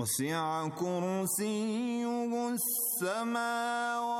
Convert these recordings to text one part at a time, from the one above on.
وسع كرسيه السماوات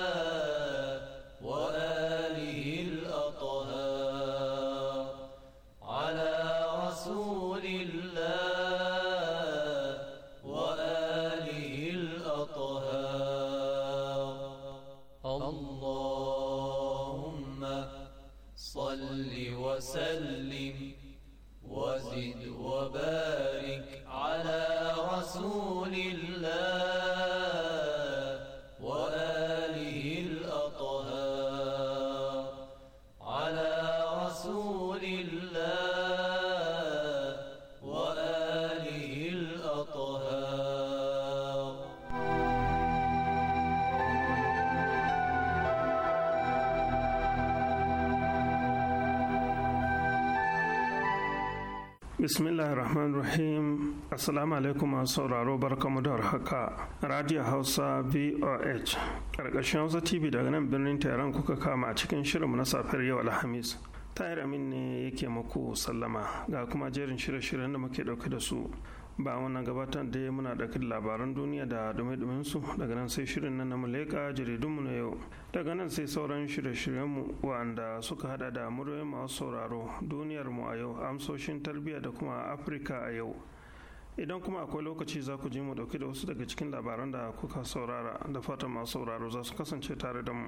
Bismillahirrahmanirrahim. Assalamu alaikum masu sauraro barkamu da haka. Radio Hausa VOH. Karkashin Hausa TV daga nan birnin Tehran kuka kama a cikin shirinmu na safiyar yau Alhamis. Tahir Amin ne yake muku sallama ga kuma jerin shirye-shiryen da muke dauke da su. ba wannan gabatar da muna da labaran duniya da dumi su daga nan sai shirin nan na muleka mu na yau daga nan sai sauran shirye-shiryenmu wa'anda suka hada da muryoyin masu sauraro duniyarmu a yau amsoshin tarbiyya da kuma afirka a yau idan kuma akwai lokaci za ku je mu ɗauki da wasu daga cikin labaran da kuka saurara da fatan masu sauraro za su kasance tare da mu.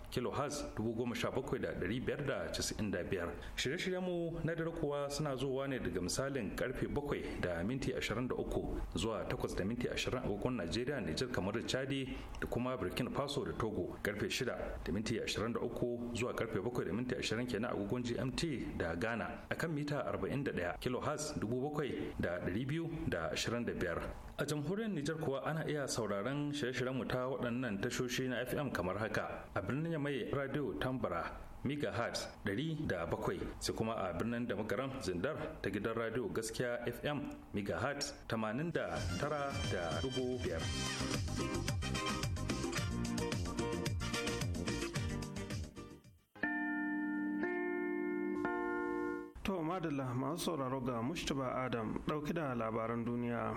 kilohertz 17595 shirye-shiryen mu na dare kuwa suna zuwa ne daga misalin karfe bakwai da minti uku zuwa takwas da minti 20 agogon najeriya nijar kamar da chadi da kuma burkina faso da togo karfe shida da minti uku zuwa karfe bakwai da minti ashirin kenan agogon gmt da ghana akan mita 41 kilohertz biyar a jamhuriyar nijar kuwa ana iya sauraron shirye-shiryen mu ta waɗannan tashoshi na fm kamar haka a birnin mai radio tambara megahertz 107 sai kuma a birnin da magaran zindar ta gidan radio gaskiya fm megahertz 89.5 To madalla masu sauraro ga Mustapha Adam ɗauki da labaran duniya.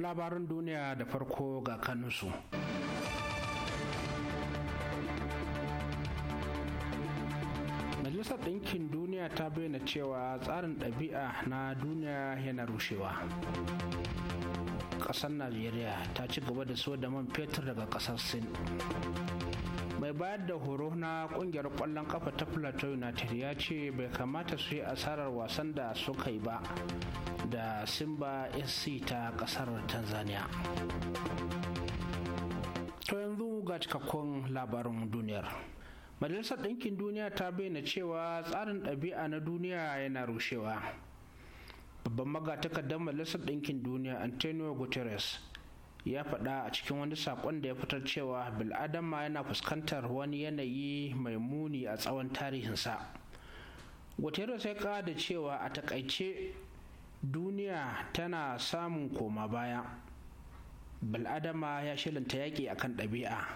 labaran duniya da farko ga kanunsu. majalisar ɗinkin duniya ta bayyana cewa tsarin ɗabi'a na duniya yana rushewa ƙasar najeriya ta ci gaba da so da man fetur daga ƙasar sin mai bayar da horo na ƙungiyar ƙwallon kafa ta plateau united ya ce bai kamata su yi asarar wasan da suka yi ba da simba sc ta kasar tanzania to yanzu ga cikakkun labarin duniyar majalisar ɗinkin duniya ta bayyana cewa tsarin ɗabi'a na duniya yana rushewa babban magatakardar majalisar ɗinkin duniya antonio guterres ya faɗa a cikin wani saƙon da ya fitar cewa bil'adama yana fuskantar wani yanayi mai muni a tsawon tarihinsa guterres ya ƙada cewa a takaice duniya tana samun koma baya bil'adama ya shilinta yaƙi akan ɗabi'a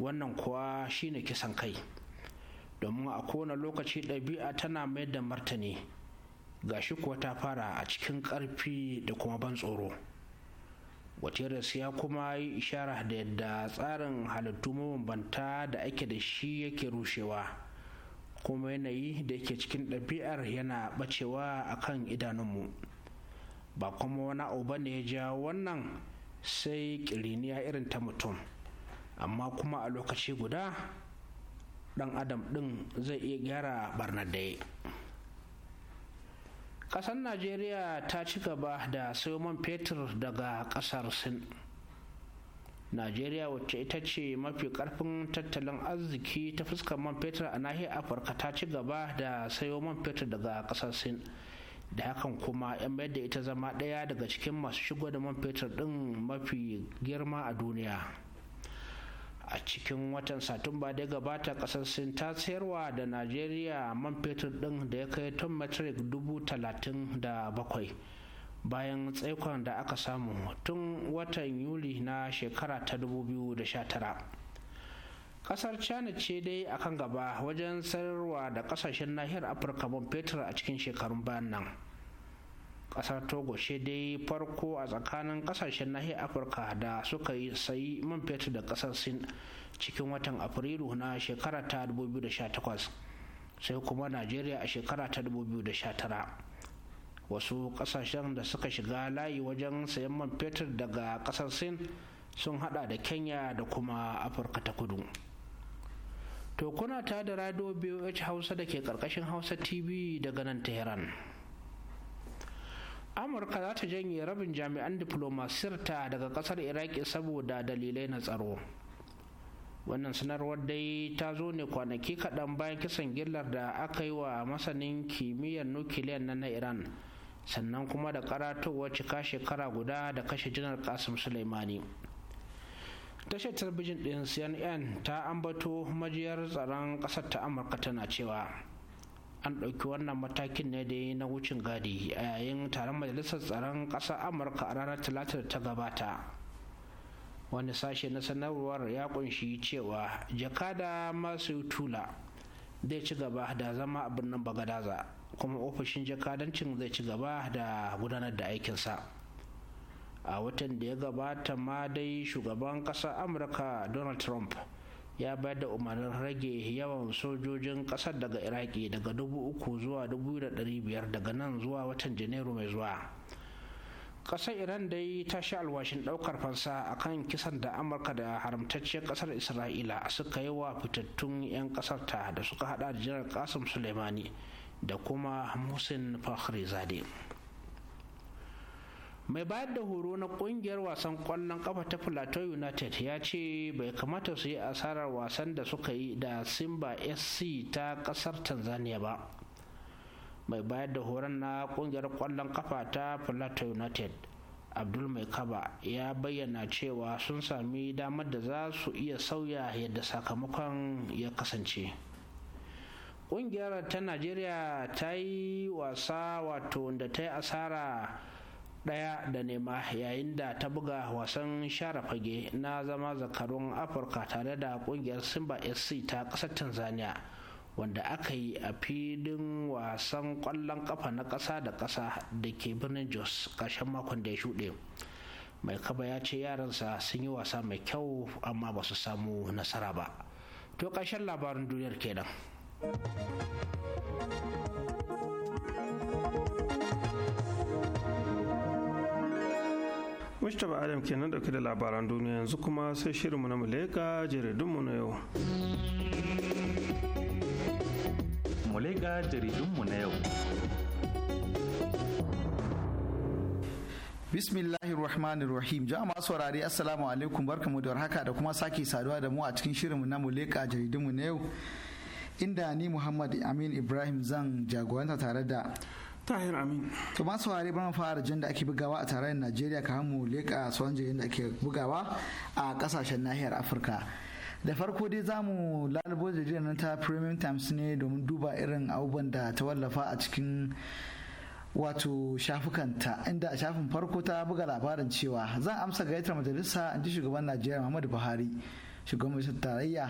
wannan kuwa shine kisan kai domin a kowane lokaci ɗabi'a tana mai da martani ga shi kuwa ta fara a cikin ƙarfi da kuma ban tsoro guterres ya kuma yi ishara da yadda tsarin halittu mabambanta da ake da shi yake rushewa kuma yanayi da yake cikin ɗabi'ar yana ɓacewa a kan idanunmu ba kuma wani abu ne ya ja wannan sai ƙiriniya irin ta mutum amma kuma a lokaci guda ɗan adam ɗin zai iya gyara barnar da ƙasar najeriya ta ci gaba da sayo man fetur daga ƙasar sin najeriya wacce ita ce mafi karfin tattalin arziki ta fuskar man fetur a nahiyar afirka ta ci gaba da sayo man fetur daga kasar sin da hakan kuma yan mayar da ita zama ɗaya daga cikin masu shigo da man fetur ɗin mafi girma a duniya a cikin watan satumba da gabata kasar sin ta sayarwa da najeriya man fetur ɗin da ya kai ton metric dubu talatin da bakwai bayan tsaikon da aka samu tun watan yuli na shekara ta 2019 kasar china ce dai a kan gaba wajen sayarwa da kasashen nahiyar afirka man fetur a cikin shekarun bayan nan kasar togo ce dai farko a tsakanin kasashen nahiyar afirka da suka yi sayi man fetur da kasar sin cikin watan afrilu na shekara ta 2018 sai kuma najeriya a shekara ta 2019 wasu kasashen da suka shiga layi wajen sayan man fetur daga kasar sin sun hada da kenya da kuma afirka ta kudu to kuna ta da radio boh hausa da ke karkashin hausa tv daga nan tehran amurka za ta janye rabin jami'an diplomasirta daga kasar iraki saboda dalilai na tsaro wannan sanarwar dai ta zo ne kwanaki kaɗan bayan kisan gillar da aka yi wa masanin kimiyyar nukiliyan na iran sannan kuma da karatowar cika shekara guda da kashe janar kasim suleimani tashar talbijin ɗin cnn ta ambato majiyar tsaron ƙasar ta amurka tana cewa an ɗauki wannan matakin ne da na wucin gadi a yayin taron majalisar tsaron ƙasar amurka a ranar talata da ta gabata wani sashe na sanarwar ya kunshi cewa jakada masu tula zai ci gaba da zama a birnin bagadaza kuma ofishin jakadancin zai ci gaba da gudanar da aikinsa a watan da ya gabata ma dai shugaban kasa amurka donald trump ya bayar da umarnin rage yawan sojojin kasar daga iraki daga uku zuwa biyar daga nan zuwa watan janairu mai zuwa ƙasar iran dai ta sha alwashin ɗaukar fansa akan kisan da amurka da haramtacciyar ƙasar isra'ila suka yi wa fitattun 'yan ƙasarta da suka hada da janar kasim suleimani da kuma musin fakhrizade mai bayar da horo na kungiyar wasan kwallon kafa ta plateau united ya ce bai kamata su yi asarar wasan da suka yi da simba sc ta kasar tanzania ba mai bayar da horon na kungiyar kwallon kafa ta plateau united abdul mai kaba ya bayyana cewa sun sami damar da za su iya sauya yadda sakamakon ya kasance ƙungiyar ta najeriya ta yi wasa wato da ta yi asara ɗaya da nema yayin da ta buga wasan share fage na zama zakarun afirka tare da ƙungiyar simba sc ta ƙasar tanzania wanda aka yi a filin wasan ƙwallon ƙafa na ƙasa da ƙasa da ke birnin jos ƙarshen makon da ya shuɗe mai kaba ya ce yaransa sun yi wasa mai kyau amma ba su samu nasara ba to ƙarshen labarin duniyar kenan. Mustapha Adam kenan dauke da labaran duniya yanzu kuma sai shirinmu na Muleka jaridunmu na yau. Muleka jaridunmu na yau. Bismillahir Rahmanir Rahim. Jama'a masu Assalamu alaikum barkamu da warhaka da kuma sake saduwa da mu a cikin shirinmu na Muleka jaridunmu na yau. inda ni Muhammad Amin Ibrahim zan jagoranta tare da Tahir Amin. To masu ware bana fara jin da ake bugawa a tarayyar Najeriya ka hamu leka sauran jirgin da ake bugawa a kasashen nahiyar Afirka. Da farko dai za mu lalubo jirgin nan ta Premium Times ne domin duba irin abubuwan da ta wallafa a cikin wato shafukanta inda a shafin farko ta buga labarin cewa zan amsa gayyatar majalisa in ji shugaban Najeriya Muhammadu Buhari shugaban majalisar tarayya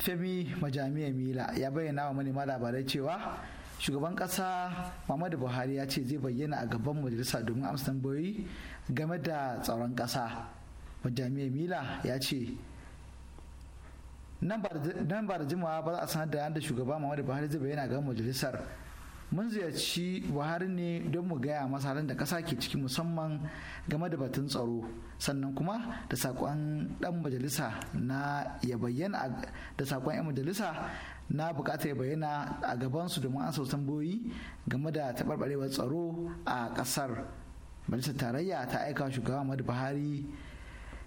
femi majami'a mila ya bayyana wa manema labarai cewa shugaban kasa muhammadu buhari ya ce zai bayyana a gaban majalisa domin amsa tambayoyi game da tsaron kasa majami'a mila ya ce nan ba da jimawa ba za a sanar da yadda shugaba muhammadu buhari zai bayyana a gaban majalisar mun ziyarci buhari ne don mu gaya masa halin da ƙasa ke ciki musamman game da batun tsaro sannan kuma da sakon ɗan majalisa na ya bayyana da sakon 'yan majalisa na bukatar ya bayyana a gabansu domin an tambayoyi game da taɓarɓarewar tsaro a ƙasar majalisar tarayya ta aika shugaba Muhammadu buhari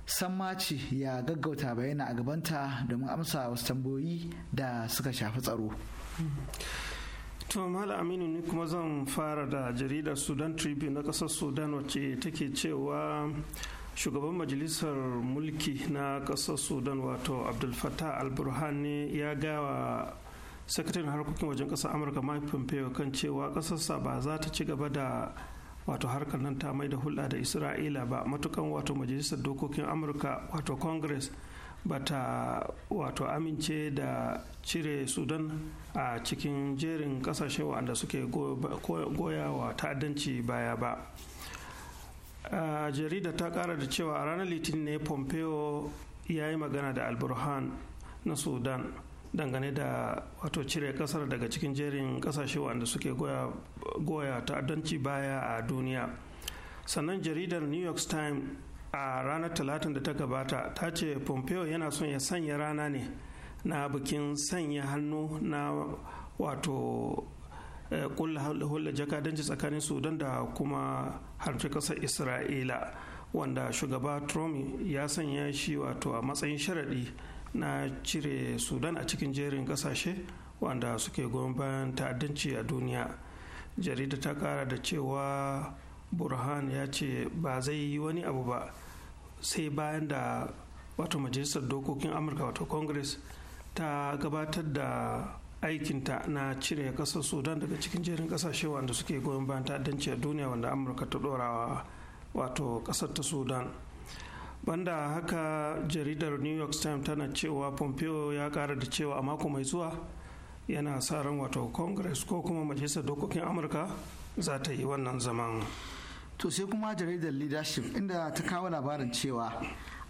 sammaci ya gaggauta bayyana a gabanta domin amsa wasu tambayoyi da suka shafi tsaro mm-hmm. To Mala Aminu ni kuma zan fara da jaridar Sudan Tribune na ƙasar Sudan wacce take cewa shugaban majalisar mulki na ƙasar Sudan wato Abdul Fattah al-Burhani ya gawa sakataren harkokin wajen ƙasar Amurka Mike Pompeo kan cewa ƙasarsa ba za ta ci gaba da wato harkar nan ta mai da hulɗa da Isra'ila ba matukan wato majalisar dokokin Amurka wato Congress bata wato amince da cire sudan a cikin jerin kasashe wanda suke goya wa ta'addanci baya ba a jarida ta kara da cewa a ranar litinin ne pompeo ya yi magana da alburhan na sudan dangane da wato cire kasar daga cikin jerin kasashe wanda suke goya ta'addanci baya a duniya sannan jaridar new york times a ranar talatin da ta gabata ta ce pompeo yana son ya sanya rana ne na bikin sanya hannu na wato kulla eh, hulla jakadanci tsakanin sudan da kuma harfi kasar isra'ila wanda shugaba trump ya sanya shi wato a matsayin sharaɗi na cire sudan a cikin jerin kasashe wanda suke goyon bayan ta'addanci a duniya jarida ta kara da cewa burhan ya ce ba zai yi wani abu ba sai bayan da wato majalisar dokokin amurka wato congress ta gabatar da aikinta na cire kasar sudan daga cikin jerin kasashe wanda suke goyon bayan ta'addanci a duniya wanda amurka ta dorawa wato kasar ta sudan banda haka jaridar new york times tana cewa pompeo ya kara da cewa a mako mai zuwa yana sa ran wato congress ko kuma majalisar dokokin amurka za ta yi wannan zaman. to sai kuma jaridar leadership inda ta kawo labarin cewa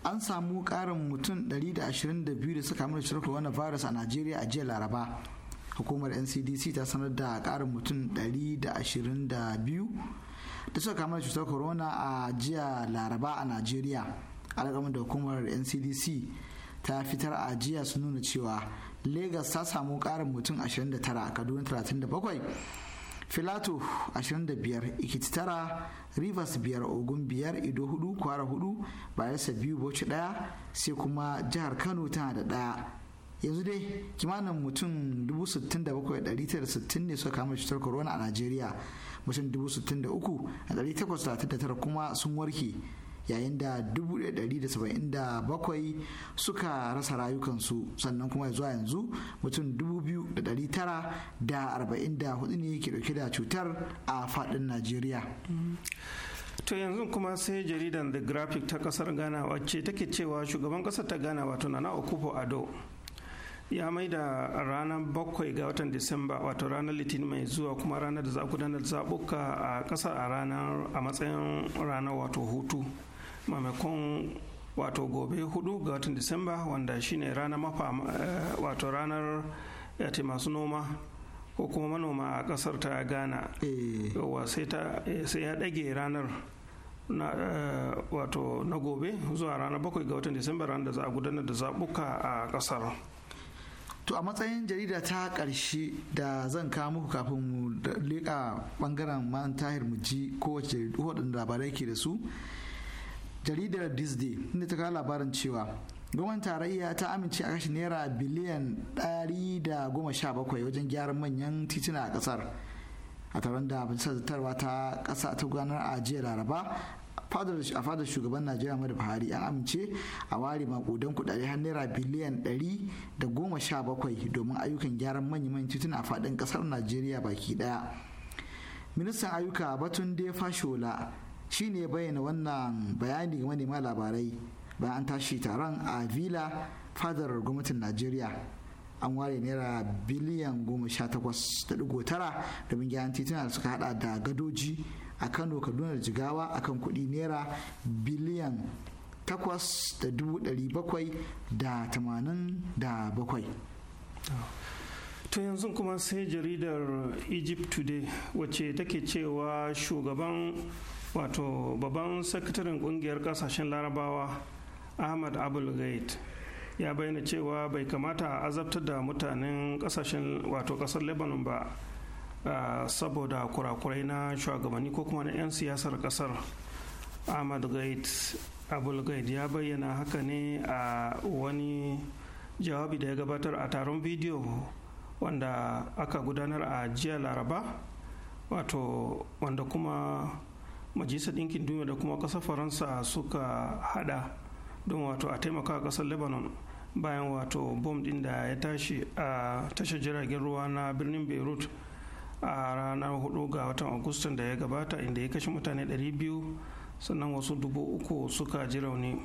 an samu karin mutum 122 da suka mutu cutar virus a najeriya a jiya laraba hukumar ncdc ta sanar da karin mutum 122 da suka kamar da cutar corona a jiya laraba a najeriya alƙamin da hukumar ncdc ta fitar a jiya sun nuna cewa lagos ta samu karin mutum 29 kaduna 37 filato 25 ikiti tara rivers biyar ogun biyar ido hudu kwara hudu bayelsa biyu bocci daya sai kuma jihar kano tana da daya yanzu dai kimanin mutum 67,960 ne suka kama cutar corona a najeriya mutum 63,839 kuma sun warke yayin da 1,177 suka rasa rayukansu sannan kuma zuwa yanzu mutum 2,944 ne ke dauke da cutar a fadin najeriya to yanzu kuma sai jaridan the graphic ta kasar ghana wacce take cewa shugaban kasar ta ghana wato nana okufo ado ya mai da ranar bakwai ga watan disamba wato ranar litinin mai zuwa kuma ranar da za gudanar zaɓuka a ƙasa a a matsayin ranar wato hutu maimakon wato gobe hudu ga watan disamba wanda shine ranar mafa eh, wato ranar yati eh, masu noma ko kuma manoma a kasar ta ghana eh. yawa sai ya dage ranar na wato na gobe zuwa ranar bakwai ga watan disamba ranar da za a gudanar da zabuka a ƙasar to a matsayin jarida ta karshe da zan kawo muku kafin mu leƙa ɓangaren man tahir mu ji kowace waɗanda labarai ke da su jaridar disney inda ta kawo labarin cewa gwamnan tarayya ta amince a kashe naira biliyan 117 wajen gyaran manyan tituna a kasar a taron da majalisar zartarwa ta kasa ta gudanar a jiya laraba a fadar shugaban najeriya mai buhari an amince a ware makudan kudade har naira biliyan 117 domin ayyukan gyaran manyan tituna a fadin kasar najeriya baki daya ministan ayyuka batun fashola shi ya bayyana wannan bayani ga manema labarai bayan an tashi taron a villa fadar gwamnatin najeriya an ware naira biliyan goma sha takwas da digo tara domin gyaran tituna suka hada da gadoji a kano kaduna da jigawa akan kuɗi naira biliyan takwas da dubu ɗari bakwai da tamanin da bakwai to yanzu kuma sai jaridar egypt today wacce take cewa shugaban wato babban sakataren kungiyar kasashen larabawa ahmad abul gait ya bayyana cewa bai kamata a azabtar da mutanen kasashen wato kasar lebanon ba saboda kurakurai na shugabanni ko kuma na 'yan siyasar kasar ahmad gait abul gait ya bayyana haka ne a wani jawabi da ya gabatar a taron bidiyo wanda aka gudanar a jiya laraba wato wanda kuma majalisar ɗinkin duniya da kuma ƙasar faransa suka hada don wato a taimaka ƙasar lebanon bayan wato bom ɗin da ya tashi a tashar jiragen ruwa na birnin beirut a ranar 4 ga watan agustan da ya gabata inda ya kashe mutane 200 sannan wasu dubu uku suka ji rauni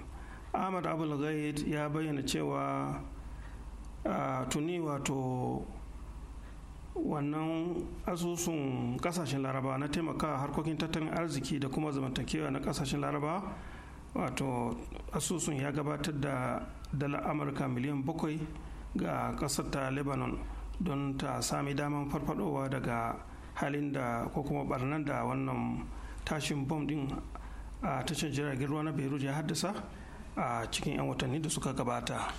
ahmad abul ya bayyana cewa tuni wato wannan asusun kasashen laraba na taimaka harkokin tattalin arziki da kuma zamantakewa na kasashen laraba wato asusun ya gabatar da dala amurka miliyan bakwai ga kasar ta lebanon don ta sami daman farfadowa daga halin da ko kuma barnan da wannan tashin bom din a tashar jiragen ruwa na beirut ya haddasa a cikin 'yan watanni da suka gabata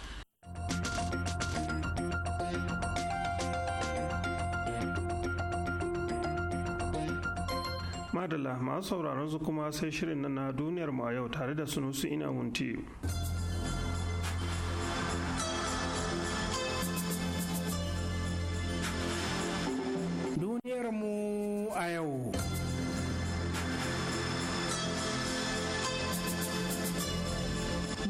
madalla masu sauraron su kuma sai shirin na duniyar mu a yau tare da sunusu ina wunti. Duniyar mu a yau.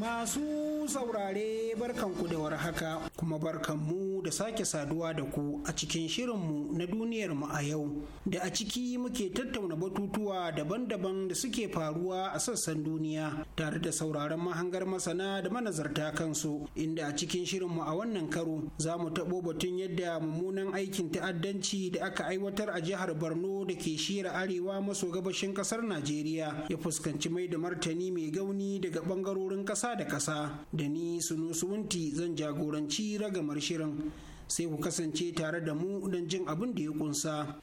Masu saurare saurare barkanku da warhaka kuma barkan mu da sake saduwa da ku a cikin shirinmu na duniyar mu a yau da a ciki muke tattauna batutuwa daban-daban da suke faruwa a sassan duniya tare da sauraron mahangar masana da manazarta kansu inda a cikin shirinmu a wannan karo za mu taɓo batun yadda mummunan aikin ta'addanci da aka aiwatar a jihar Borno da ke shira arewa maso gabashin ƙasar Najeriya ya fuskanci mai da martani mai gauni daga ɓangarorin ƙasa da ƙasa da ni sunusuwunti zan jagoranci ragamar shirin sai ku kasance tare da mu don jin abin da ya kunsa.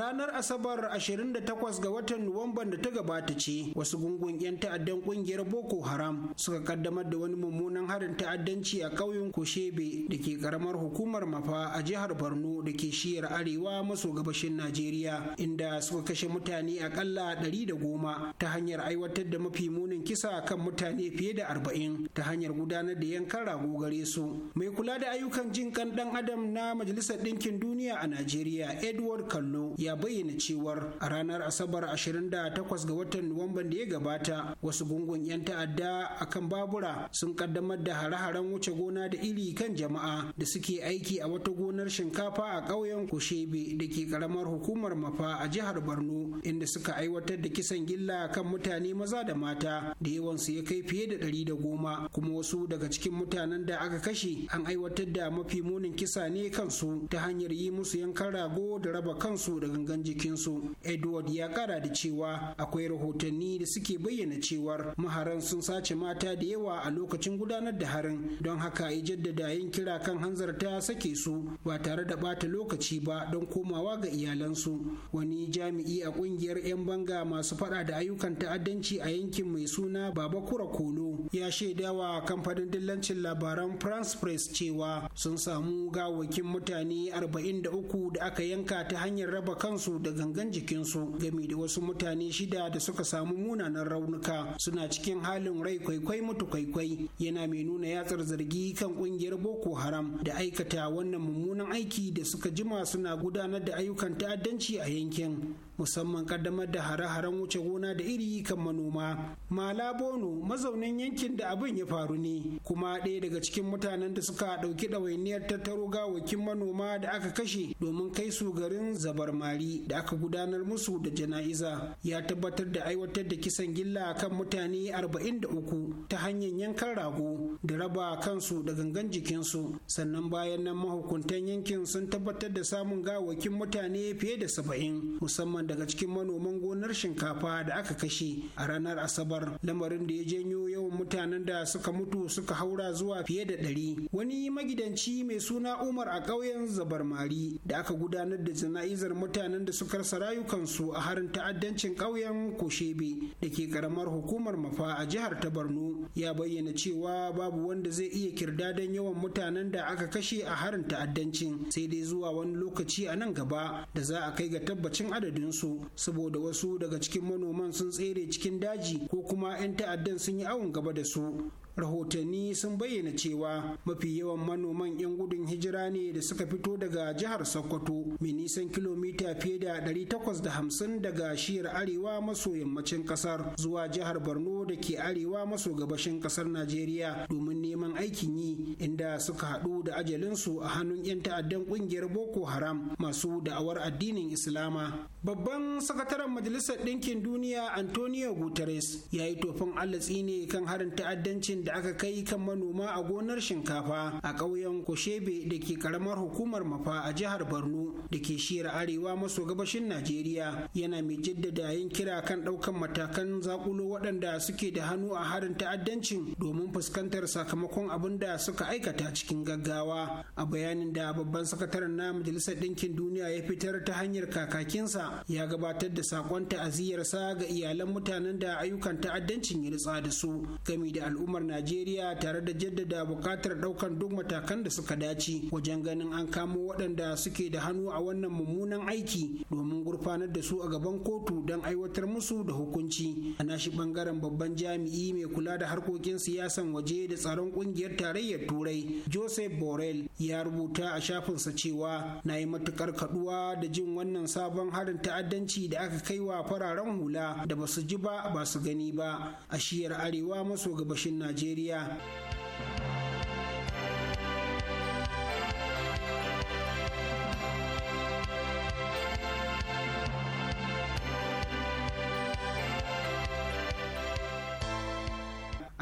ranar Asabar 28 ga watan Nuwamban da ta gabata ce wasu gungun 'yan ta'addan kungiyar Boko Haram suka kaddamar da wani mummunan harin ta'addanci a ƙauyen Koshebe da ke karamar hukumar Mafa a jihar Borno da ke shiyar arewa maso gabashin Najeriya inda suka kashe mutane akalla goma ta hanyar aiwatar da mafi munin kisa kan mutane fiye da 40 ta hanyar gudanar da yankan rago gare su. Mai kula da ayyukan jin kan dan adam na Majalisar Ɗinkin Duniya a Najeriya Edward Kallo ya ya bayyana cewar a ranar Asabar 28 ga watan Nuwamban da ya gabata wasu gungun 'yan ta'adda a kan babura sun kaddamar da hare-haren wuce gona da iri kan jama'a da suke aiki a wata gonar shinkafa a ƙauyen Kushebe da ke karamar hukumar Mafa a jihar Borno inda suka aiwatar da kisan gilla kan mutane maza da mata da yawansu ya kai fiye da ɗari da goma kuma wasu daga cikin mutanen da aka kashe an aiwatar da mafi munin kisa ne kansu ta hanyar yi musu yankan rago da raba kansu da gangan jikinsu edward ya kara da cewa akwai rahotanni da suke bayyana cewar maharan sun sace mata da yawa a lokacin gudanar da harin don haka ya jaddada yin kira kan hanzarta sake su ba tare da bata lokaci ba don komawa ga iyalansu wani jami'i a kungiyar 'yan banga masu fada da ayyukan ta'addanci a yankin mai suna baba kura kolo ya shaidawa kamfanin dillancin labaran france press cewa sun samu gawakin mutane 43 da aka yanka ta hanyar raba kansu da gangan jikinsu game da wasu mutane shida da suka samu munanan raunuka suna cikin halin rai kwaikwai mutu kwaikwai yana mai nuna yatsar zargi kan kungiyar boko haram da aikata wannan mummunan aiki da suka jima suna gudanar da ayyukan ta'addanci a yankin musamman kaddamar da hare-haren wuce gona da iri kan manoma mala bono mazaunin yankin da abin ya faru ne kuma ɗaya daga cikin mutanen da suka ɗauki ɗawainiyar tattaro gawakin manoma da aka kashe domin kai su garin zabar mari da aka gudanar musu da jana'iza ya tabbatar da aiwatar da kisan gilla kan mutane arba'in da uku ta hanyar yankan rago da raba kansu da gangan jikinsu sannan bayan nan mahukuntan yankin sun tabbatar da samun gawakin mutane fiye da saba'in musamman daga cikin manoman gonar shinkafa da aka kashe a ranar asabar lamarin da ya janyo yawan mutanen da suka mutu suka haura zuwa fiye da ɗari wani magidanci mai suna umar a ƙauyen zabarmari da aka gudanar da jana'izar mutanen da suka rasa rayukansu a harin ta'addancin ƙauyen koshebe da ke karamar hukumar mafa a jihar ta borno ya bayyana cewa babu wanda zai iya kirdadan yawan mutanen da aka kashe a harin ta'addancin sai dai zuwa wani lokaci a nan gaba da za a kai ga tabbacin adadinsu su saboda wasu daga cikin manoman sun tsere cikin daji ko kuma 'yan ta'addan sun yi awon gaba da su rahotanni sun bayyana cewa mafi yawan manoman 'yan gudun hijira ne da suka fito daga jihar sokoto mai nisan kilomita fiye da 850 daga shiyar arewa maso yammacin kasar zuwa jihar borno da ke arewa maso gabashin kasar najeriya domin neman aikin yi inda suka haɗu da ajalinsu a hannun 'yan ta'addan ƙungiyar boko haram masu da'awar addinin islama babban sakataren majalisar ɗinkin duniya antonio guterres ya yi tofin allatsi ne kan harin ta'addancin da da aka kai kan manoma a gonar shinkafa a ƙauyen Koshebe da ke karamar hukumar Mafa a jihar Borno da ke shiyar arewa maso gabashin Najeriya yana mai jaddada yin kira kan ɗaukan matakan zakulo waɗanda suke da hannu a harin ta'addancin domin fuskantar sakamakon abin da suka aikata cikin gaggawa a bayanin da babban sakataren na Majalisar Ɗinkin Duniya ya fitar ta hanyar kakakinsa ya gabatar da sakon ta'aziyarsa ga iyalan mutanen da ayyukan ta'addancin ya ritsa da su gami da al'ummar Najeriya najeriya tare da jaddada bukatar ɗaukar duk matakan da suka dace wajen ganin an kamo waɗanda suke da hannu a wannan mummunan aiki domin gurfanar da su a gaban kotu don aiwatar musu da hukunci a nashi ɓangaren babban jami'i mai kula da harkokin siyasan waje da tsaron ƙungiyar tarayyar turai joseph borel ya rubuta a shafinsa cewa na yi matukar kaduwa da jin wannan sabon harin ta'addanci da aka kai wa fararen hula da ba su ji ba ba su gani ba a shiyar arewa maso gabashin najeriya Najeriya.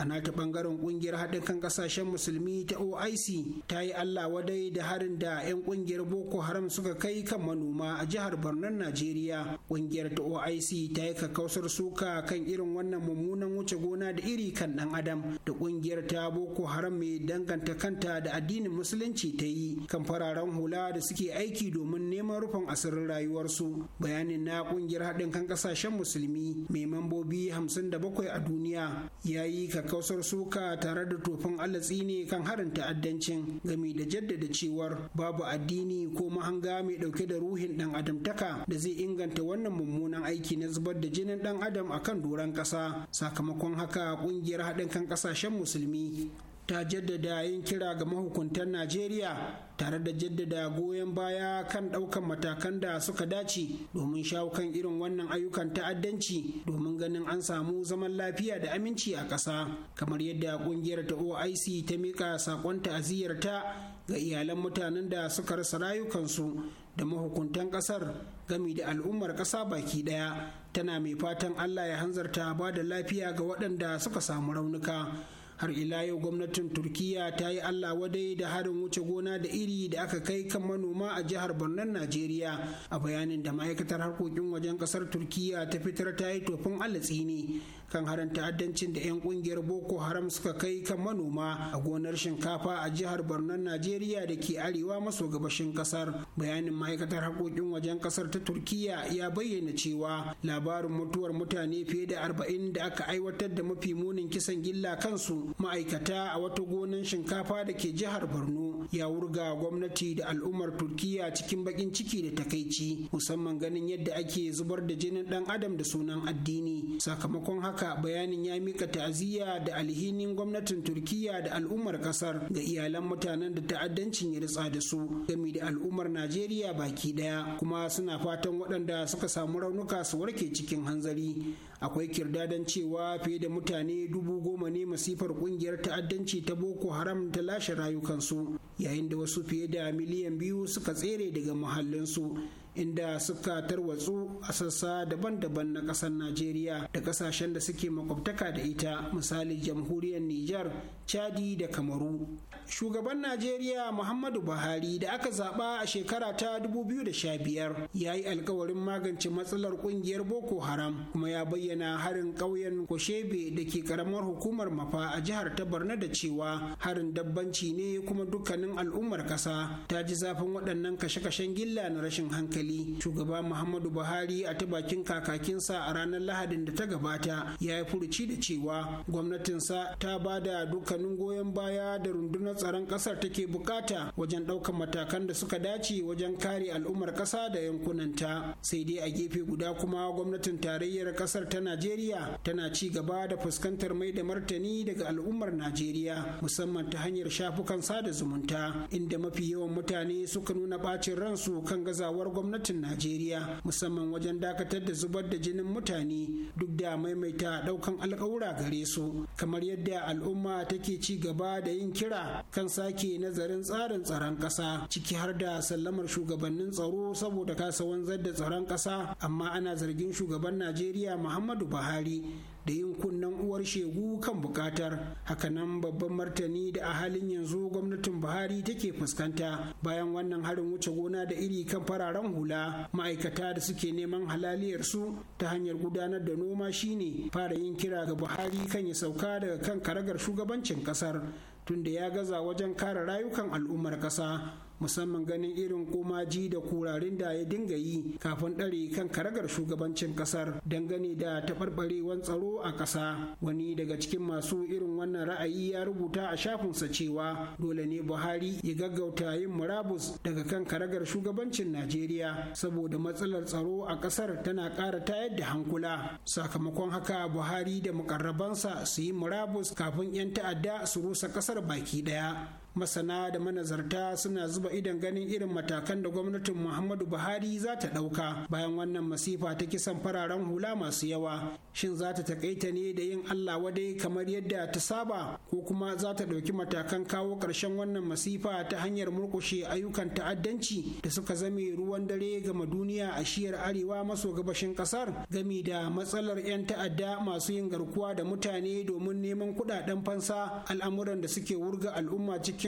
nata bangaren kungiyar haɗin kan kasashen musulmi ta oic ta yi allah wadai da harin da 'yan kungiyar boko haram suka kai kan manoma a jihar Borno najeriya kungiyar ta oic ta yi kakkausar suka kan irin wannan mummunan wuce gona da iri kan ɗan adam da kungiyar ta boko haram mai danganta kanta da addinin musulunci ta yi kan fararen hula da suke aiki domin neman rufin asirin rayuwarsu bayanin na kungiyar haɗin kan ƙasashen musulmi mai mambobi 57 a duniya ya yi kakkausar Kausar suka tare da tofin alatsi ne kan harin ta'addancin gami da jaddada cewar babu addini ko mahanga mai dauke da ruhin dan adamtaka da zai inganta wannan mummunan aiki na zubar da jinin dan adam akan doron kasa sakamakon haka kungiyar haɗin kan kasashen musulmi ta jaddada yin kira ga mahukuntan najeriya tare da jaddada goyon baya kan ɗaukan matakan da suka dace domin shawo kan irin wannan ayyukan ta'addanci domin ganin an samu zaman lafiya da aminci a ƙasa kamar yadda ƙungiyar ta oic ta miƙa saƙon ta'aziyyarta ga iyalan mutanen da suka rasa rayukansu da mahukuntan ƙasar gami da al'ummar ƙasa baki ɗaya tana mai fatan allah ya hanzarta ba da lafiya ga waɗanda suka samu raunuka har ila yau gwamnatin turkiya ta yi allah wadai da harin wuce gona da iri da aka kai kan manoma a jihar bornan najeriya a bayanin da ma'aikatar harkokin wajen kasar turkiya ta fitar ta yi tofin alatsi ne kan harin ta'addancin da 'yan kungiyar boko haram suka kai kan manoma a gonar shinkafa a jihar Barnon Najeriya da ke arewa maso gabashin kasar. Bayanin ma'aikatar haƙoƙin wajen kasar ta Turkiya ya bayyana cewa labarin mutuwar mutane fiye da arba'in da aka aiwatar da mafi munin kisan gilla kansu ma'aikata a wata gonar shinkafa da ke jihar Borno ya wurga gwamnati da al'ummar Turkiya cikin bakin ciki da takaici musamman ganin yadda ake zubar da jinin dan adam da sunan addini sakamakon haka haka bayanin ya mika ta'aziyya da alhinin gwamnatin turkiya da al'ummar kasar ga iyalan mutanen da ta'addancin ya ritsa da su gami da al'ummar najeriya baki daya kuma suna fatan waɗanda suka samu raunuka su warke cikin hanzari akwai kirdadan cewa fiye da mutane dubu goma ne masifar kungiyar ta'addanci ta boko haram ta lashe rayukansu yayin da wasu fiye da miliyan biyu suka tsere daga muhallinsu inda suka tarwatsu a sassa daban-daban na ƙasar najeriya da ƙasashen da suke makwabtaka da ita misali jamhuriyar nijar chadi da kamaru shugaban najeriya muhammadu buhari da aka zaɓa a shekara ta 2015 ya yi alkawarin magance matsalar ƙungiyar boko haram kuma ya bayyana harin ƙauyen koshebe da ke ƙaramar hukumar mafa a jihar ta barna da cewa harin dabbanci ne kuma dukkanin al'ummar ƙasa ta ji zafin waɗannan kashe-kashen gilla na rashin hankali hankali shugaba muhammadu buhari a ta bakin kakakinsa a ranar lahadin da ta gabata ya yi furuci da cewa gwamnatinsa ta ba da dukkanin goyon baya da rundunar tsaron kasar take bukata wajen ɗaukar matakan da suka dace wajen kare al'ummar ƙasa da yankunanta sai dai a gefe guda kuma gwamnatin tarayyar ƙasar ta najeriya tana ci gaba da fuskantar mai da martani daga al'ummar najeriya musamman ta hanyar shafukan sada zumunta inda mafi yawan mutane suka nuna bacin ransu kan gazawar gwamnati gwamnatin najeriya musamman wajen dakatar da zubar da jinin mutane duk da maimaita daukan alkawura gare su kamar yadda al'umma take ci gaba da yin kira kan sake nazarin tsarin tsaron ƙasa ciki har da sallamar shugabannin tsaro saboda kasa wanzar da tsaron ƙasa amma ana zargin shugaban najeriya muhammadu buhari da yin kunnen uwar shegu kan bukatar hakanan babban martani da a halin yanzu gwamnatin buhari take fuskanta bayan wannan harin wuce gona da iri kan fararen hula ma'aikata da suke neman halaliyar su ta hanyar gudanar da noma shine fara yin kira ga buhari kan ya sauka daga kan karagar shugabancin kasar tunda ya gaza wajen kare rayukan al'ummar kasa musamman ganin irin komaji da kurarin da ya dinga yi kafin ɗare kan karagar shugabancin ƙasar dangane da taɓarɓarewan tsaro a ƙasa wani daga cikin masu irin wannan ra'ayi ya rubuta a shafinsa cewa dole ne buhari ya gaggauta yin murabus daga kan karagar shugabancin najeriya saboda matsalar tsaro a ƙasar tana ƙara tayar da hankula sakamakon haka buhari da mukarrabansa su yi murabus kafin 'yan ta'adda su rusa ƙasar baki ɗaya masana da manazarta suna zuba idan ganin irin matakan da gwamnatin muhammadu buhari za ta ɗauka bayan wannan masifa ta kisan fararen hula masu yawa shin za ta takaita ne da yin allah wadai kamar yadda ta saba ko kuma za ta ɗauki matakan kawo ƙarshen wannan masifa ta hanyar murƙushe ayyukan ta'addanci da suka zame ruwan dare gama duniya a shiyar arewa maso gabashin ƙasar gami da matsalar 'yan ta'adda masu yin garkuwa da mutane domin neman kuɗaɗen fansa al'amuran da suke wurga al'umma cikin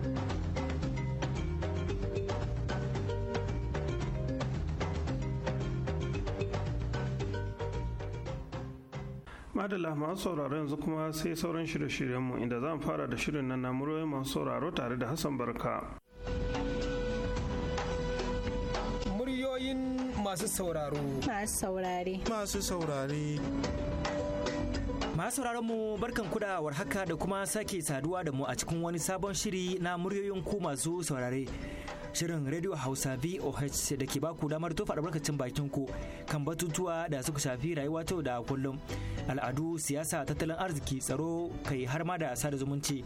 madalla masu sauraro yanzu kuma sai sauran shirye-shiryenmu inda zan fara da shirin nan na muryoyin masu sauraro tare da hassan barka muryoyin masu sauraro masu saurare masu saurare masu sauraron mu barkan kuda warhaka da kuma sake saduwa da mu a cikin wani sabon shiri na muryoyin ku masu saurare shirin Radio Hausa VOH da ke baku damar tofa albarkacin bakin ku kan batutuwa da suka shafi rayuwa ta da kullum. Al'adu, siyasa, tattalin arziki, tsaro, kai har ma da sada zumunci.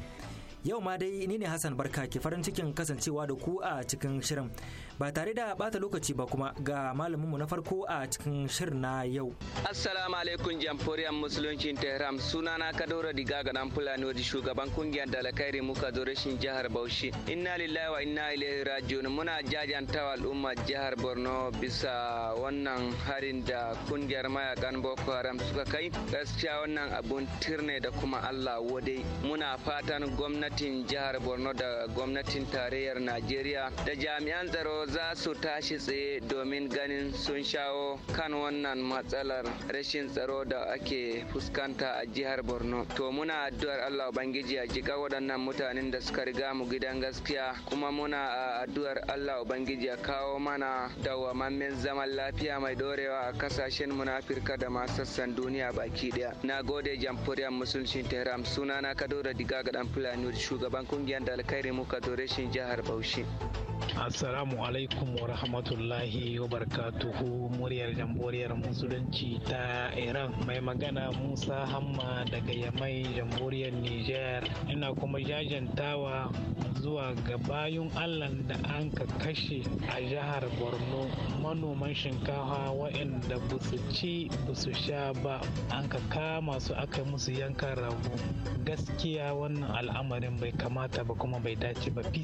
Yau ma dai ni ne Hassan Barka ke farin cikin kasancewa da ku a cikin shirin. ba tare da bata lokaci ba kuma ga malaminmu na farko a cikin shirin na yau. Assalamu alaikum jamhuriyar musuluncin Tehran sunana Kadoro Diga ga nan Fulani wadi shugaban kungiyar Dalakairi muka zo rashin jihar Bauchi. Inna lillahi wa inna ilaihi rajiun muna jajantawa al'umma jihar Borno bisa wannan harin da kungiyar mayakan Boko Haram suka kai. Gaskiya wannan abun tirne da kuma Allah wadai muna fatan gwamnatin jihar Borno da gwamnatin tarayyar Najeriya da jami'an tsaro za su tashi tsaye domin ganin sun shawo kan wannan matsalar rashin tsaro da ake fuskanta a jihar Borno. To muna addu'ar Allah Ubangiji a jika waɗannan mutanen da suka riga mu gidan gaskiya kuma muna addu'ar Allah Ubangiji a kawo mana dawamammen zaman lafiya mai dorewa a kasashen munafirka da ma sassan duniya baki daya. Na gode jamhuriyar musulcin Tehran sunana Kadoro Diga ga dan Fulani shugaban kungiyar da alkhairi muka dore jihar Bauchi. alaikum wa rahmatullahi wa barakatuhu muryar jamhuriyar musulunci ta Iran mai magana Musa Hamma daga Yamai jamhuriyar Nijar ina kuma jajantawa zuwa ga bayan Allah da an ka kashe a jihar Borno manoman shinkafa waɗanda ba su ci ba su sha ba an ka kama su aka musu yankan rabu. gaskiya wannan al'amarin bai kamata ba kuma bai dace ba fi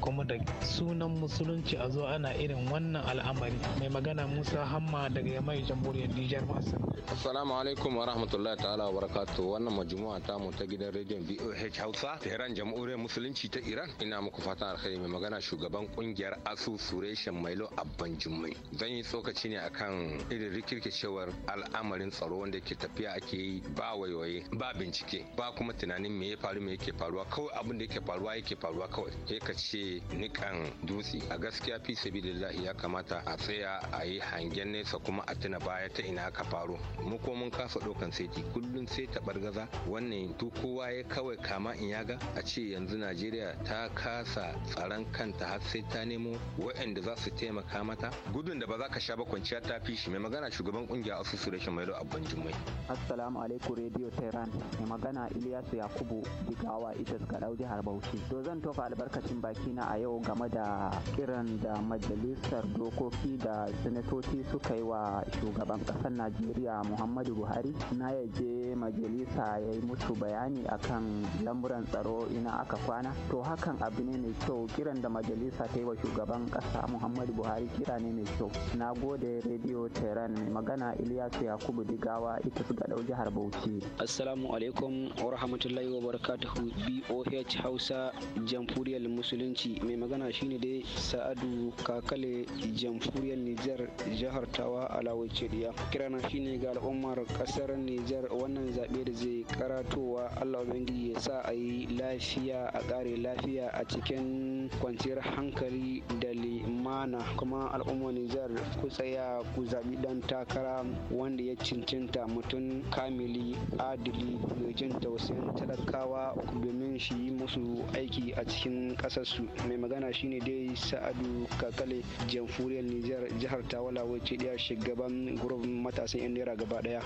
kuma da sunan musulunci musulunci a zo ana irin wannan al'amari mai magana musa hamma daga yamai jamhuriyar nijar masar assalamu alaikum wa rahmatullahi ta'ala wa barakatu wannan majmu'a ta mu ta gidan rediyon boh hausa tehran jamhuriyar musulunci ta iran ina muku fatan alkhairi mai magana shugaban kungiyar asu sureshen mailo abban jummai zan yi tsokaci ne akan irin rikirkicewar al'amarin tsaro wanda ke tafiya ake yi ba waiwaye ba bincike ba kuma tunanin me ya faru me yake faruwa kawai abin da yake faruwa yake faruwa kawai ka ce nikan dutse a gaskiya fi sabilillah ya kamata a tsaya a yi hangen nesa kuma a tuna baya ta ina ka faro mu ko mun kasa dokan saiti kullum sai ta bargaza wannan duk kowa ya kawai kama in yaga a ce yanzu najeriya ta kasa tsaron kanta har sai ta nemo waɗanda za su taimaka mata gudun da ba za ka sha ba kwanciya ta fi shi mai magana shugaban kungiya asusu rashin a abban jummai assalamu alaikum radio tehran mai magana iliyasu yakubu digawa ita ga jihar bauchi to zan tofa albarkacin baki na a yau game da kiran. kiran da majalisar dokoki da sanatoci suka yi wa shugaban ƙasar najeriya muhammadu buhari na ya je majalisa ya yi musu bayani akan lamuran tsaro ina aka kwana to hakan abu ne mai kyau kiran da majalisa ta yi wa shugaban ƙasa muhammadu buhari kira ne mai kyau na gode rediyo tehran magana iliyasu yakubu digawa ita su gaɗau jihar bauchi assalamu alaikum wa rahmatullahi wa barakatuhu boh hausa jamhuriyar musulunci mai magana shine dai sa sa'adu kakale jamhuriyar nijar jihar tawa alawai cediya kirana shine ga al'ummar kasar nijar wannan zaɓe da zai karatowa allah ubangiji ya sa a yi lafiya a ƙare lafiya a cikin kwanciyar hankali da limana kuma al'ummar nijar ku tsaya ku zaɓi ɗan takara wanda ya cincinta mutum kamili adili mai jin tausayin talakawa domin shi yi musu aiki a cikin ƙasarsu mai magana shine dai sa'ad Rabiu Kakale jamhuriyar Nijar jihar Tawala wace ɗaya shugaban gurbin matasan 'yan naira gaba ɗaya.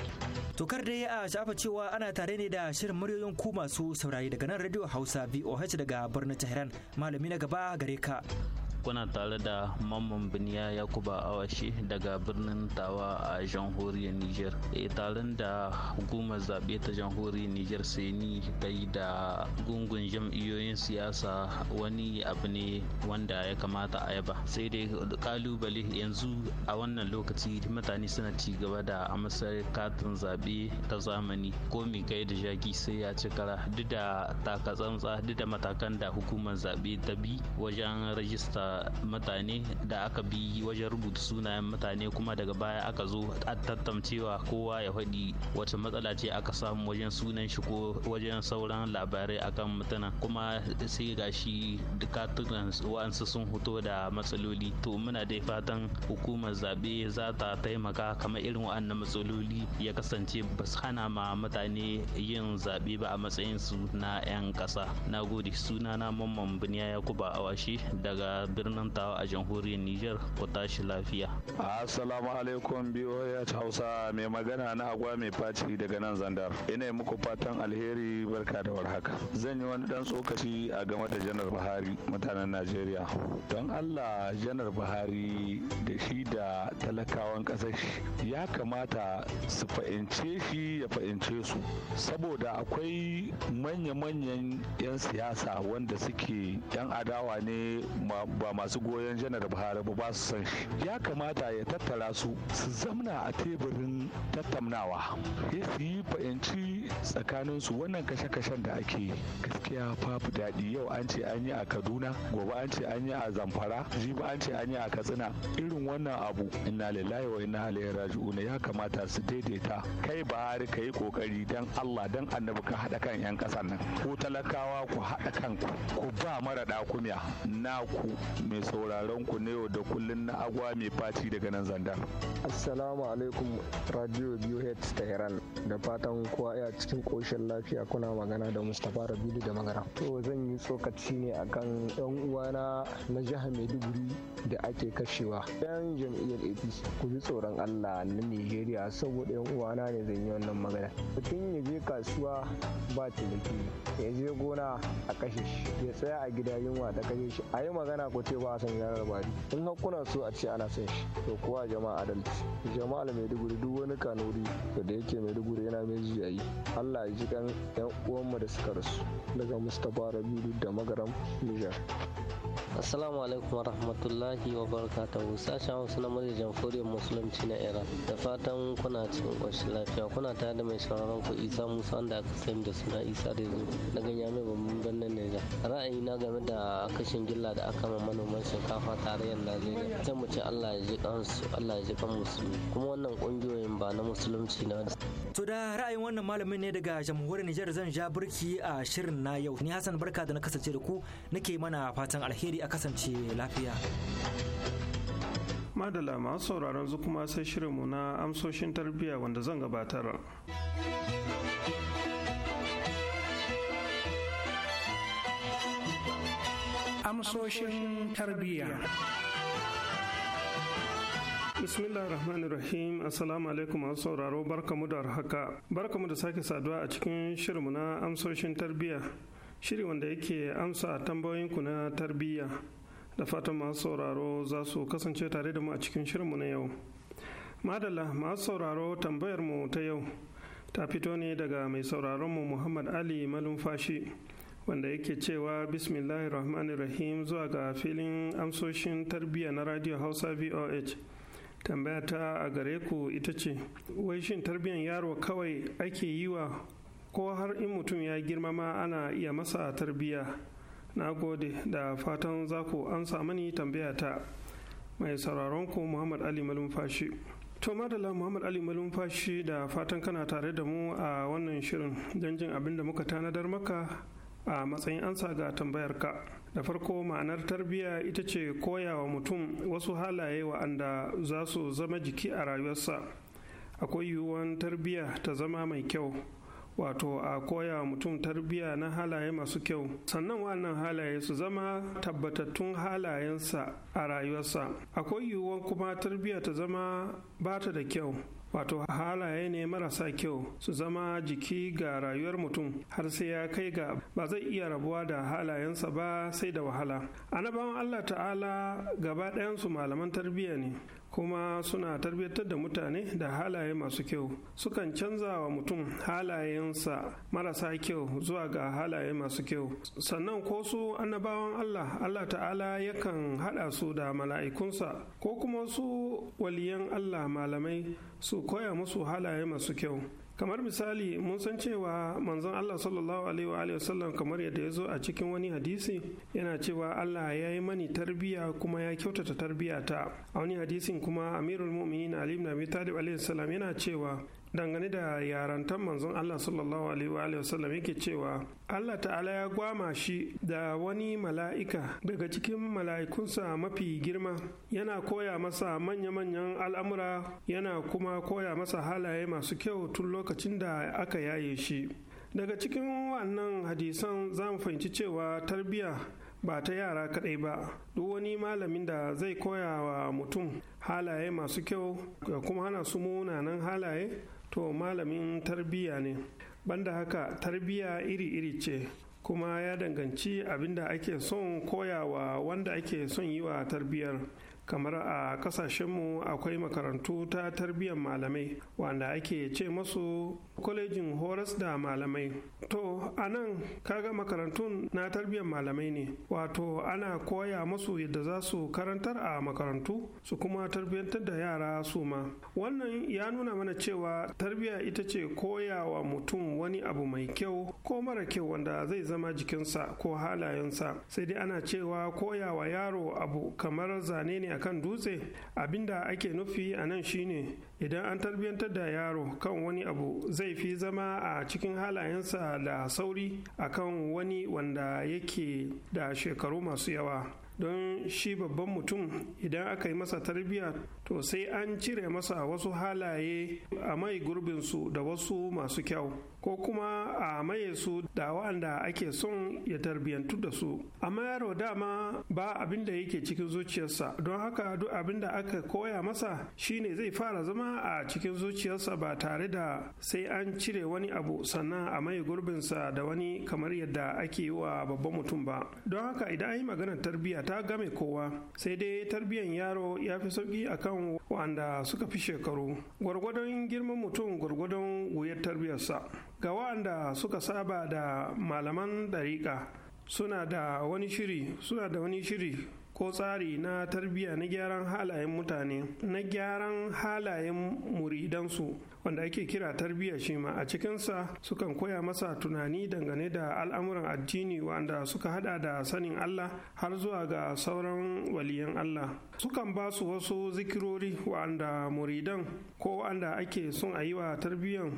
Tokar dai a shafa cewa ana tare ne da shirin muryoyin ku masu saurari daga nan Radio Hausa BOH daga birnin Tehran malami na gaba gare ka. kuna tare da mamman biniya yakuba awashi daga birnin tawa a jamhuriyar niger e taron da hukumar zaɓe ta jamhuriyar niger seni ta yi da gungun jam'iyyoyin siyasa wani abu ne wanda ya kamata a yaba sai dai kalubale yanzu a wannan lokaci mutane suna ci gaba da amsar katin zaɓe ta zamani ko mai kai da jaki sai ya ci kara duk da takatsantsa duk da matakan da hukumar zaɓe ta bi wajen rajista mutane da aka bi wajen rubuta sunayen mutane kuma daga baya aka zo a tattamcewa kowa ya faɗi wace matsala ce aka samu wajen sunan shi ko wajen sauran labarai akan mutuna kuma sai gashi tunan wa'ansu sun fito da matsaloli to muna dai fatan hukumar zaɓe za ta taimaka kamar irin wa'annan matsaloli ya kasance ba su hana ma mutane yin zaɓe ba a matsayin su na 'yan ƙasa na gode sunana mamman biniya yakuba washe daga birnin tawa a jamhuriyar Nijar ku tashi lafiya. Assalamu alaikum biyoyi Hausa mai magana na agwa mai faci daga nan zandar. Ina yi muku fatan alheri barka da warhaka. Zan yi wani dan tsokaci a game da janar Buhari mutanen Najeriya. Don Allah janar Buhari da shi da talakawan kasar shi ya kamata su fahimce shi ya fahimce su. Saboda akwai manya-manyan 'yan siyasa wanda suke 'yan adawa ne ba masu goyon janar buhari ba su san shi ya kamata ya tattara su su zamna a teburin tattaunawa ya su yi fahimci tsakanin su wannan kashe-kashen da ake gaskiya fafi daɗi yau an ce an yi a kaduna gobe an ce an yi a zamfara jibi an ce an yi a katsina irin wannan abu inna lillahi wa inna ilaihi raji'un ya kamata su daidaita kai buhari ka yi kokari dan allah dan annabi ka haɗa kan 'yan kasan nan ko talakawa ku haɗa kanku ku ba mara na naku mai sauraron ku na yau da kullun na agwa mai fati daga nan zanda. Assalamu alaikum Radio Biohead Tehran da fatan kowa ya cikin koshin lafiya kuna magana da Mustapha Rabilu da magana. To zan yi tsokaci ne akan yan uwana na jihar Maiduguri da ake kashewa. Yan jam'iyyar APC ku ji tsoron Allah na Nigeria saboda yan uwana ne zan yi wannan magana. Mutum ya je kasuwa ba ciniki ya je gona a kashe shi ya tsaya a gida yunwa ta kashe shi a yi magana ku wuce ba a son ba bari in har su a ce ana son shi to kuwa jama'a adalci jama'a da maiduguri duk wani kanuri da yake maiduguri yana mai yi allah ya ji kan yan uwanmu da suka rasu daga mustapha rabiru da magaram nijar Assalamu alaikum warahmatullahi wabarakatuhu sashen hausa na murya jamhuriyar musulunci na Iran da fatan kuna cikin ƙoshin lafiya kuna tare da mai sauraron ku Isa Musa da aka sani da suna Isa Rezo daga Yamai babban birnin Nijar ra'ayi na game da kashin gilla da aka ma manoman shinkafa tarayyar najeriya sai mu ce allah ya ji kansu allah ya ji kan musulmi kuma wannan kungiyoyin ba na musulunci na to da ra'ayin wannan malamin ne daga jamhuriyar nijar zan ja birki a shirin na yau ni hassan barka da na kasance da ku nake mana fatan alheri a kasance lafiya madala masu sauraron zu kuma sai shirinmu na amsoshin tarbiyya wanda zan gabatar amsoshin tarbiyya. bismillah rahmanir rahim assalamu alaikum masu sauraro barkamu da haka barkamu da sake saduwa a cikin shirinmu na amsoshin tarbiyya shiri wanda yake amsa tambayoyinku na tarbiyya da fatan masu sauraro za su kasance tare da mu a cikin shirinmu na yau madalla masu sauraro tambayarmu ta yau ta fito ne daga mai sauraron mu muhammad ali malumfashi wanda yake cewa bismillahi rahmanir rahim zuwa ga filin amsoshin tarbiyya na radio hausa voh tambaya ta a gare ku ita ce wai shin tarbiyyar yaro kawai ake yi wa ko har in mutum ya girma ma ana iya masa tarbiyya na gode da fatan za ku amsa mani tambaya ta mai sauraron ku muhammad ali malumfashi to madala muhammad ali malumfashi da fatan kana tare da mu a wannan shirin don jin abin da muka tanadar maka a matsayin ansa ga tambayar ka da farko ma'anar tarbiyya ita ce koyawa mutum wasu halaye wa'anda za su zama jiki a rayuwarsa akwai yiwuwan tarbiyya ta zama mai kyau wato a koyawa mutum tarbiyya na halaye masu kyau sannan wannan halaye su zama tabbatattun halayensa a rayuwarsa akwai yiwuwan kuma tarbiyya ta zama bata da kyau wato halaye ne marasa kyau su zama jiki ga rayuwar mutum har sai ya kai ga ba zai iya rabuwa da halayensa ba sai da wahala annabawan allah ta'ala gaba ɗayansu malaman tarbiyya ne kuma suna tarbiyyar da mutane da halaye masu kyau sukan canza wa mutum halayensa marasa kyau zuwa ga halaye masu kyau sannan ko su annabawan allah allah ta'ala yakan haɗa su da mala'ikunsa ko kuma su waliyan allah malamai su koya musu halaye masu kyau kamar misali mun san cewa manzon Allah sallallahu alaihi wa sallam kamar yadda ya zo a cikin wani hadisi yana cewa Allah ya yi mani tarbiya kuma ya kyautata tarbiya ta a wani hadisin kuma Amirul Mu'minin Ali ibn Abi Talib alaihi salam yana cewa dangane da yarantar manzon Allah sallallahu alaihi wa sallam yake cewa Allah ta'ala ya gwama shi da wani mala'ika daga cikin mala'ikunsa mafi girma yana koya masa manya-manyan al'amura yana kuma koya masa halaye masu kyau tun lokacin da aka yaye shi daga cikin wannan hadisan za mu fahimci cewa tarbiyya ba ta yara kaɗai ba duk wani malamin da zai koya wa mutum halaye masu kyau kuma hana su munanan halaye to malamin tarbiyya ne banda haka tarbiyya iri-iri ce kuma ya danganci abinda ake son koyawa wanda ake son yi wa tarbiyyar kamar a kasashenmu akwai makarantu ta tarbiyyar malamai wanda ake ce masu kwalejin horas da malamai to a nan kaga makarantun na tarbiyyar malamai ne wato ana koya masu yadda za su karantar a makarantu su kuma tarbiyyantar da yara su ma wannan ya nuna mana cewa tarbiyya ita ce koyawa mutum wani abu mai kyau ko mara kyau wanda zai zama jikinsa ko halayensa sai dai ana cewa koyawa yaro abu kamar zane ne akan dutse abinda ake nufi a nan shine idan an tarbiyantar da yaro kan wani abu zai fi zama a cikin halayensa da sauri akan wani wanda yake da shekaru masu yawa don shi babban mutum idan aka yi masa tarbiyya to sai an cire masa wasu halaye a mai gurbinsu da wasu masu kyau ko kuma a maye su da wanda ake son ya tarbiyantu da su amma yaro dama ba abin da yake cikin zuciyarsa don haka duk abin da aka koya masa shine zai fara zama a cikin zuciyarsa ba tare da sai an cire wani abu sannan a mai gurbinsa da wani kamar yadda ake yi wa babban mutum ba don haka idan an yi maganar tarbiyya ta game kowa sai dai tarbiyyan yaro ya fi sauki akan wanda suka fi shekaru gwargwadon girman mutum gwargwadon wuyar tarbiyarsa ga wanda suka saba da malaman dariƙa, suna da wani shiri suna da wani shiri ko tsari na tarbiyya na gyaran halayen mutane na gyaran halayen muridansu wanda ake kira tarbiyya shi ma a cikinsa sukan koya masa tunani dangane da al'amuran addini wanda suka hada da sanin Allah har zuwa ga sauran waliyan Allah sukan ba su wasu zikirori wa'anda muridan ko wa'anda ake son a yi wa tarbiyyan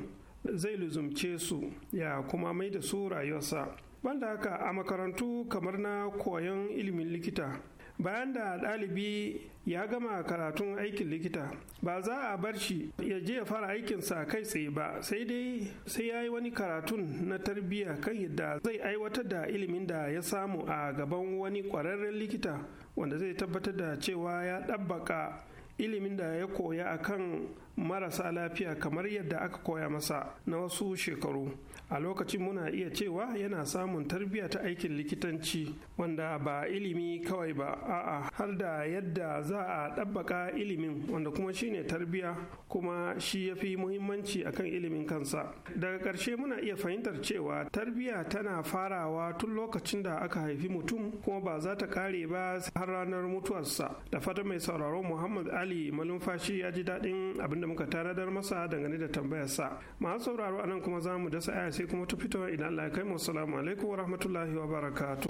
zai luzumce su ya kuma mai da su rayuwarsa banda haka a makarantu kamar na koyon ilimin likita bayan da ɗalibi ya gama karatun aikin likita ba za a bar shi ya je ya fara aikin sa kai tsaye ba sai dai sai ya yi wani karatun na tarbiyya kan yadda zai aiwatar da ilimin da ya samu a gaban wani ƙwararren likita wanda zai tabbatar da cewa ya ɗabbaka ilimin da ya koya akan marasa lafiya kamar yadda aka koya masa na wasu shekaru a lokacin muna iya cewa yana samun tarbiyya ta aikin likitanci wanda ba ilimi kawai ba a'a har da yadda za a ɗabbaka ilimin wanda kuma shine tarbiyya kuma shi ya fi muhimmanci akan ilimin kansa daga ƙarshe muna iya fahimtar cewa tarbiyya tana farawa tun lokacin da aka haifi mutum kuma ba za ta kare ba har ranar mutuwarsa da fata mai sauraro muhammad ali malumfashi ya ji daɗin abinda da muka tanadar masa dangane da tambayarsa masu sauraro anan kuma za mu dasa sai kuma ta fito idan Allah ya kai mu assalamu alaikum wa rahmatullahi wa barakatuh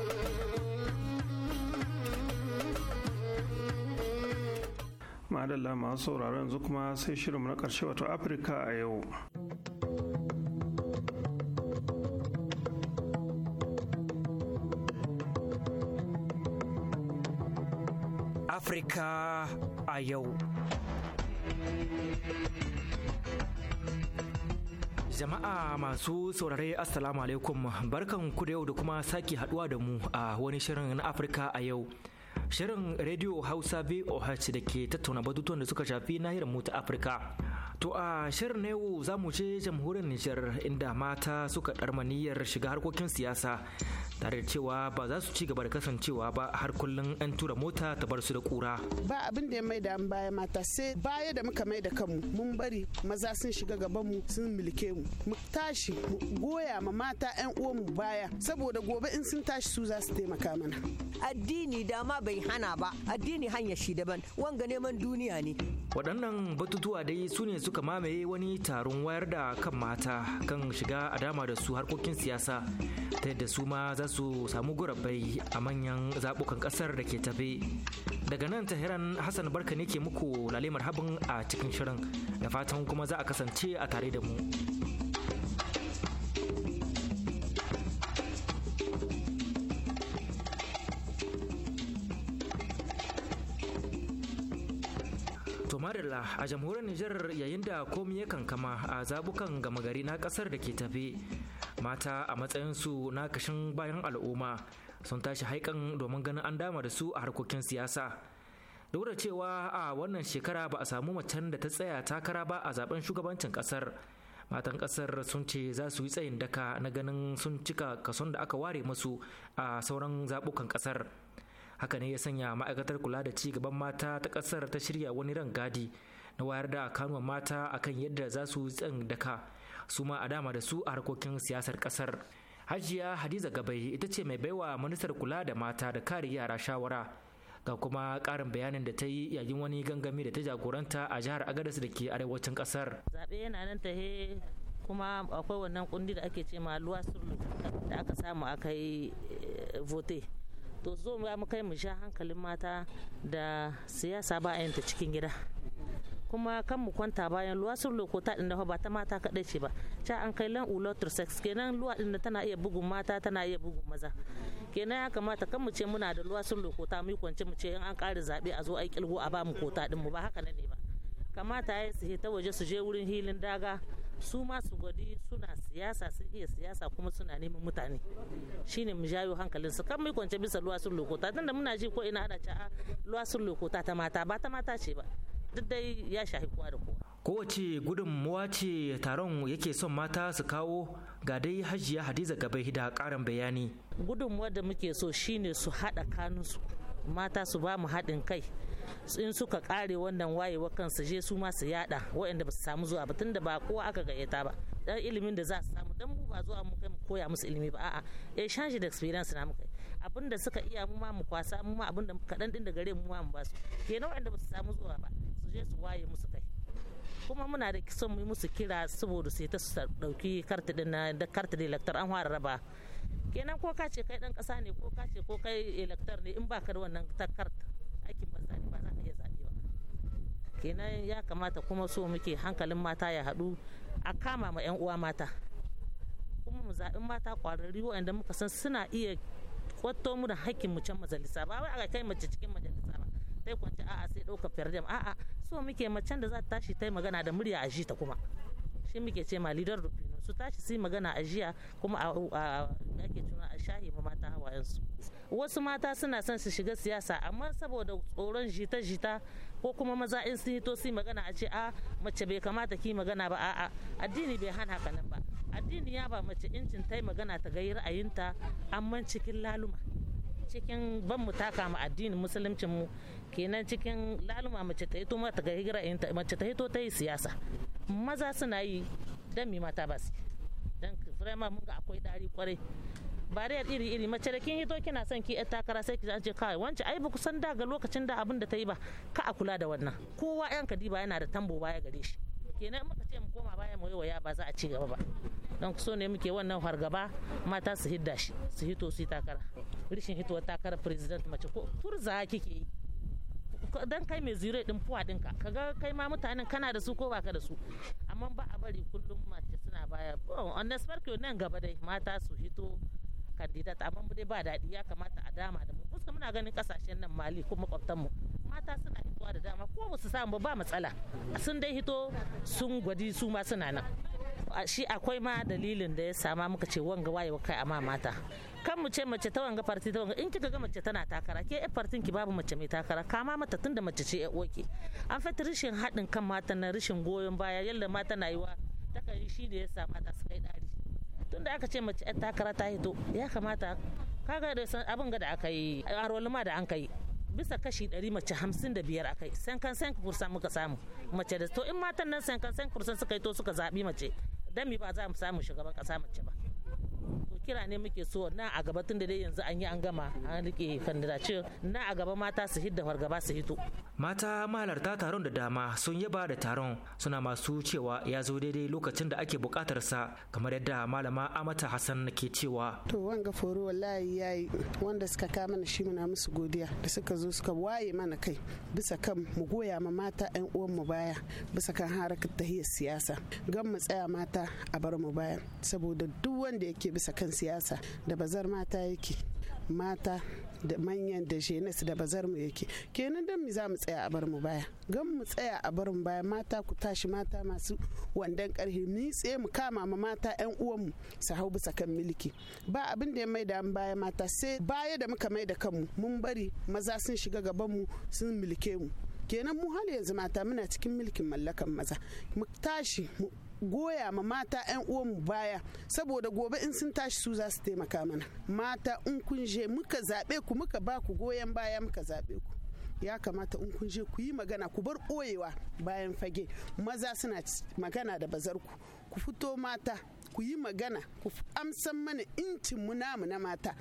madalla masu sauraro yanzu kuma sai shirinmu na karshe wato afirka a yau afirka a yau Jama'a masu saurare Assalamu alaikum barkan ku da yau da kuma sake haduwa da mu a wani shirin na Afirka a yau. Shirin Radio Hausa VOH da ke tattauna batutuwan da suka shafi nahiyar mu ta Afirka. To a shirin na yau za mu je jamhuriyar Nijar inda mata suka ɗarmaniyar shiga harkokin siyasa tare da cewa ba za su ci gaba da kasancewa ba har kullum an tura mota ta bar su da kura. Ba abin da ya mai da an baya mata sai baya da muka mai da kanmu mun bari maza sun shiga gaban mu sun milke mu mu tashi mu goya ma mata yan mu baya saboda gobe in sun tashi su za su taimaka mana. Addini dama bai hana ba addini hanya shi daban wanga neman duniya ne. Waɗannan batutuwa dai su ne suka mamaye wani taron wayar da kan mata kan shiga a dama da su harkokin siyasa ta yadda su ma za su samu gurabbai a manyan zaɓukan ƙasar da ke tafe daga nan tahiran hassan barka ne ke muku lalimar habin a cikin shirin da fatan kuma za a kasance a tare da mu Marilla a jamhuriyar Nijar yayin da komai yakan kama a zabukan gama gari na kasar da ke tafe. Mata a matsayinsu na kashin bayan al'umma sun tashi haikan domin ganin an dama da su a harkokin siyasa. Duk da cewa a wannan shekara ba a samu macen da ta tsaya takara ba a zaben shugabancin kasar. Matan kasar sun ce za su yi tsayin daka na ganin sun cika kason da aka ware musu a sauran zabukan kasar. haka ne ya sanya ma'aikatar kula da ci gaban mata ta kasar ta shirya wani rangadi na wayar da kanuwan mata akan yadda za su tsan daka su ma a dama da su a harkokin siyasar kasar hajiya hadiza gabai ita ce mai baiwa ministar kula da mata da kare yara shawara ga kuma karin bayanin da ta yi yayin wani gangami da ta jagoranta a jihar agadas da ke arewacin kasar zaɓe yana nan ta he kuma akwai wannan kundi da ake ce ma luwa da aka samu aka yi eh, vote to zo ya mu kai mu sha hankalin mata da siyasa ba ta cikin gida kuma kan mu kwanta bayan luwa sun lokota din da ba ta mata kaɗai ce ba ta an kai lan ulotur sex kenan luwa din da tana iya bugun mata tana iya bugun maza kenan ya kamata kan mu ce muna da luwa sun lokota mu kwance mu ce in an ƙara zaɓe a zo ai kilgo a ba mu kota din mu ba haka ne ba kamata ya su ta waje su je wurin hilin daga su ma su gwadi suna siyasa sun iya siyasa kuma suna neman mutane shine mu jayo hankalin su kan mai kwance bisa luwasun lokota tunda muna ji ko ina ana luwa ah, luwasun lokota ta mata ba ta mata ce ba duk dai ya shahi kowa da kowa kowace gudunmuwa ce taron yake son mata su kawo ga dai hajiya hadiza gabai da karin bayani gudunmuwa da muke so shine su haɗa kanunsu mata su ba mu haɗin kai in suka kare wannan wayewa kansu je su ma su yada waɗanda ba su samu zuwa ba tunda ba kowa aka gayyata ba dan ilimin da za su samu dan mu ba zuwa mu kai mu koya musu ilimi ba a'a a eh, change da experience na muka abin da suka iya mu ma mu kwasa mu ma abin da kadan din da gare mu ma mu ba su kenan waɗanda ba su samu zuwa ba su je su waye musu kai kuma muna da son mu yi musu kira saboda sai ta su dauki kartidin na da kartidin lecture an fara raba kenan ko ka ce kai dan kasa ne ko ka ce ko kai elector ne in baka da wannan takarta aikin ba za ba za ka iya zabe ba kenan ya kamata kuma so muke hankalin mata ya hadu a kama ma yan uwa mata kuma mu zaɓi mata ƙwararri waɗanda muka san suna iya kwato mu da hakkin mu can majalisa ba wai aka kai mace cikin majalisa ba sai kwanci a'a sai ɗaukar fardem a'a so muke macen da za ta tashi ta yi magana da murya a ta kuma shi muke ce ma leader rufino su tashi su yi magana a jiya kuma a yake tuna a shahi ma mata hawayensu wasu mata suna son su shiga siyasa amma saboda tsoron jita-jita ko kuma maza in sun yi to su magana a ce a mace bai kamata ki magana ba a'a addini bai hana haka nan ba addini ya ba mace incin yi magana ta gayi ra'ayinta amma cikin laluma cikin ban mu taka ma addinin musuluncin mu kenan cikin laluma mace ta hito mata ga ra'ayinta mace ta hito ta yi siyasa maza suna yi dan mi mata ba su dan vraiment mun ga akwai dari kwarai bariyar iri iri mace da kin hito kina son ki yar takara sai ki ce kawai wance ai ba san da ga lokacin da abin da ta yi ba ka a kula da wannan kowa yan kadiba yana da tambo baya gare shi kenan muka ce mu koma baya mu waya ba za a ci gaba ba don so ne muke wannan fargaba mata su hidda shi su hito su yi takara rishin hitowar takarar president mace ko turza kike yi dan kai mai zire din fuwa ka kaga kai ma mutanen kana da su ko baka da su amma ba a bari kullum mace suna baya on the spark nan gaba dai mata su hito candidate amma mu dai ba daɗi ya kamata a dama da mu kusa muna ganin kasashen nan mali ko makwabtan mu mata suna hitowa da dama ko ba su samu ba matsala sun dai hito sun gwadi su ma suna nan shi akwai ma dalilin da ya sama muka ce wanga wayewa kai amma mata kan mu ce mace ta wanga farti ta wanga in kika ga mace tana takara ke yan fartin ki babu mace mai takara kama mata tunda mace ce ya oke an fata rashin haɗin kan mata na rashin goyon baya yalla mata na yi wa takari shi da ya mata su kai ɗari tunda aka ce mace yan takara ta hito ya kamata kaga da san abin ga da aka yi a rolima da an kai bisa kashi ɗari mace hamsin da biyar akai sen kan san kursan muka samu mace da to in matan nan sen kan san kursan suka yi to suka zaɓi mace dan mi ba za mu samu shugaban kasa mace ba kira ne muke so na a gaba tun da dai yanzu an yi an gama an rike kandidace na a gaba mata su hidda fargaba su hito mata mahalarta taron da dama sun yaba da taron suna masu cewa ya zo daidai lokacin da ake bukatar sa kamar yadda malama amata hassan ke cewa to wanga foro wallahi yayi wanda suka ka mana shi muna musu godiya da suka zo suka waye mana kai bisa kan mu goya ma mata yan uwan mu baya bisa kan harakar tahiyar siyasa gan mu tsaya mata a bar mu baya saboda duk wanda yake bisa kan siyasa da bazar mata yake mata da manyan da jenis da bazar mu yake kenan dan mu za mu tsaya a bar mu baya gan mu tsaya a bar mu baya mata ku tashi mata masu wandan karhi mu tsaye mu kama ma mata yan uwan mu su hau bisa kan miliki ba abin da ya mai mu baya mata sai baya da muka mai da kanmu mun bari maza sun shiga gaban mu sun milike mu kenan mu hali yanzu mata muna cikin milkin mallakan maza mu tashi mu goya ma mata 'yan uwanmu baya saboda gobe in sun tashi su za su taimaka mana mata in kun je muka zaɓe ku muka ba ku goyon baya muka zaɓe ku ya kamata in kun je ku yi magana ku bar ɓoyewa bayan fage maza suna magana da bazar ku fito mata ku yi magana ku amsan mana incin mu namu na mata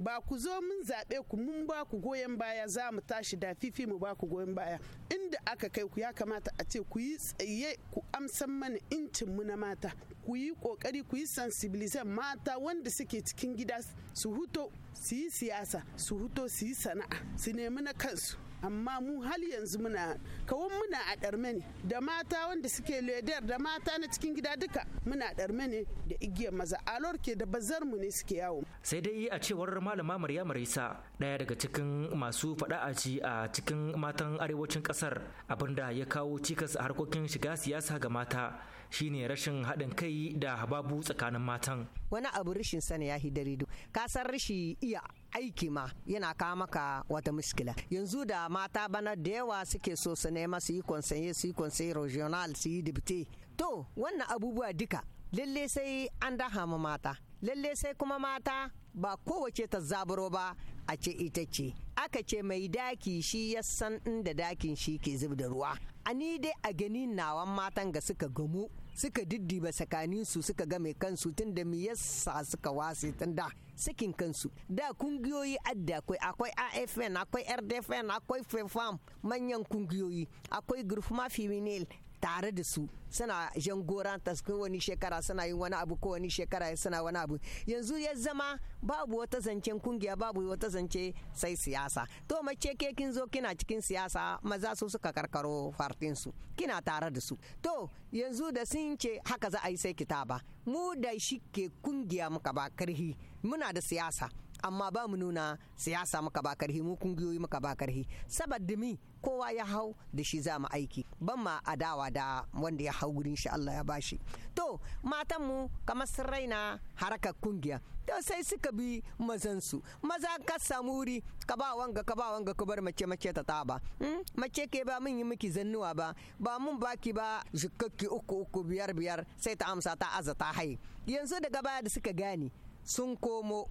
ba ku zo mun zaɓe ku mun ba ku goyon baya za mu tashi da fifi mu ba ku goyon baya inda aka kai ku ya kamata a ce ku yi tsaye ku amsan mana incin mu na mata ku yi kokari ku yi sensibilizan mata wanda suke cikin gida su huto su yi siyasa su huto su yi sana'a su nemi na kansu amma mu hal yanzu muna kawon muna a ɗarme ne da mata wanda suke ledar da mata na cikin gida duka muna ɗarme ne da igiyar maza alor ke da bazar mu ne suke yawo sai dai a cewar malama marya marisa ɗaya daga cikin masu faɗa a ci a cikin matan arewacin ƙasar abinda ya kawo cikas a harkokin shiga siyasa ga mata shine rashin haɗin kai da hababu tsakanin matan wani abu rashin sani ya hidari ka san rashi iya aiki ma yana kawo maka wata muskila yanzu da mata bana da yawa suke so su nema su yi konseye su yi konseye regional su yi dibte to wannan abubuwa duka lalle sai an daha ma mata lalle sai kuma mata ba kowace ta zaburo ba a ce ita ce aka ce mai daki shi ya san inda dakin shi ke zub da ruwa a ni dai a ganin nawan matan ga suka gamu suka diddiba tsakanin su suka ga mai kansu tun da me yasa suka wase tun da sakin kansu da kungiyoyi adda akwai akwai AFN akwai RDFN akwai FEFAM manyan kungiyoyi akwai Group Mafiminil tare da su suna jan goran wani shekara suna yin wani abu ko wani shekara suna wani abu yanzu ya zama babu wata zancen kungiya babu wata zance sai siyasa to mace ke kin zo kina cikin siyasa maza su suka karkaro fartin su kina tare da su to yanzu da sun ce haka za a yi sai kitaba mu da shi ke kungiya muka ba karhi muna da siyasa amma ba mu nuna siyasa muka ba karhi mu kungiyoyi muka ba karhi saboda mi kowa ya hau da shi za mu aiki ban ma adawa da wanda ya hau gurin shi Allah ya bashi to matan mu kamar sun raina harakar kungiya to sai suka bi mazan su maza ka samu wuri ka ba wanga ka ba wanga ka bar mace mace ta taba hmm? mace ke ba mun yi miki zannuwa ba ba mun baki ba jikakki uku uku biyar biyar sai ta amsa ta aza ta hai yanzu daga baya da suka gane sun komo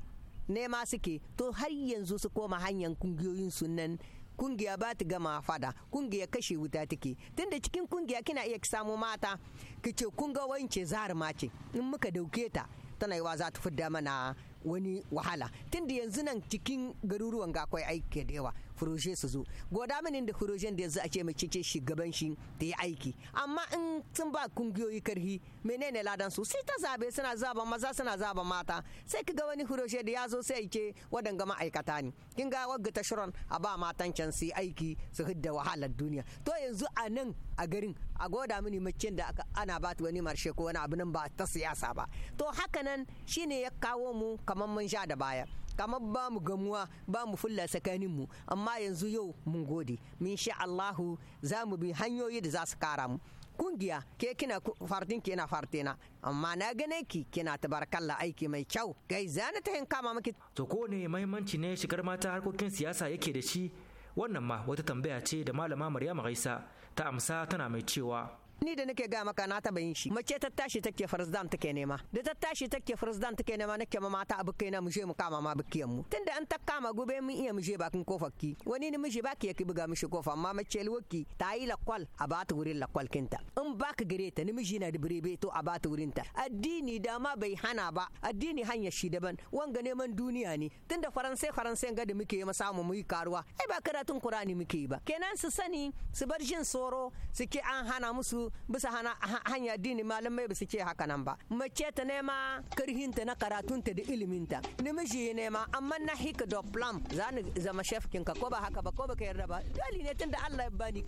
nema suke to har yanzu su koma hanyar kungiyoyin sunan kungiya ba ta gama fada kungiya kashe wuta take tunda cikin kungiya kina iya samu mata ki ce kun ga wance zahar mace in muka dauke ta tana yiwa za ta fi mana wani wahala tunda yanzu nan cikin garuruwan ga akwai aiki da yawa furoje su zo goda mini da furojen da yanzu ake mace shugaban shi da ya aiki amma in sun ba kungiyoyi karhi menene ladan su sai ta zabe suna zaba maza suna zaba mata sai ka ga wani furoje da ya zo sai wadan wadanga ma'aikata ne kin ga wagga ta shirin a ba matan can su aiki su hidda wahalar duniya to yanzu a nan a garin a goda mini makin da ana ba ta wani marshe ko wani abu nan ba ta siyasa ba to haka nan shine ya kawo mu kamar mun sha da baya kamar ba mu gamuwa ba mu fulla tsakanin mu amma yanzu yau mun gode min sha Allahu za mu bi hanyoyi da za su kara mu kungiya ke kina fartin kina fartina amma na gane ki kina tabarkalla aiki mai kyau gai zana ta kama maki to ko ne mahimmanci ne shigar mata harkokin siyasa yake da shi wannan ma wata tambaya ce da malama Maryam Gaisa ta amsa tana mai cewa ni da nake ga maka na taba yin shi mace ta tashi take farzdan take nema da ta tashi take farzdan take nema nake ma mata abu na mu je mu kama ma bukiyan mu tunda an ta kama gobe mun iya mu je bakin kofar ki wani ni miji baki yake buga mishi kofa amma mace lwaki ta yi lakwal a ba ta wurin lakwal kinta in baka gare ta ni miji na da birebe to a ba ta wurin ta addini da ma bai hana ba addini hanya shi daban wanga neman duniya ne tunda faransai faransai ga da muke ma samu mu yi karuwa ai ba karatun qur'ani muke yi ba kenan su sani su bar jin tsoro suke an hana musu bisa hana hanya dini malamai ba su ce haka nan ba mace ta nema karhin ta na karatun ta da ilimin ta. namiji ne ma amma na hika da plan za ni zama ka ko ba haka ba ko ba ka yarda ba dole ne tunda Allah ya bani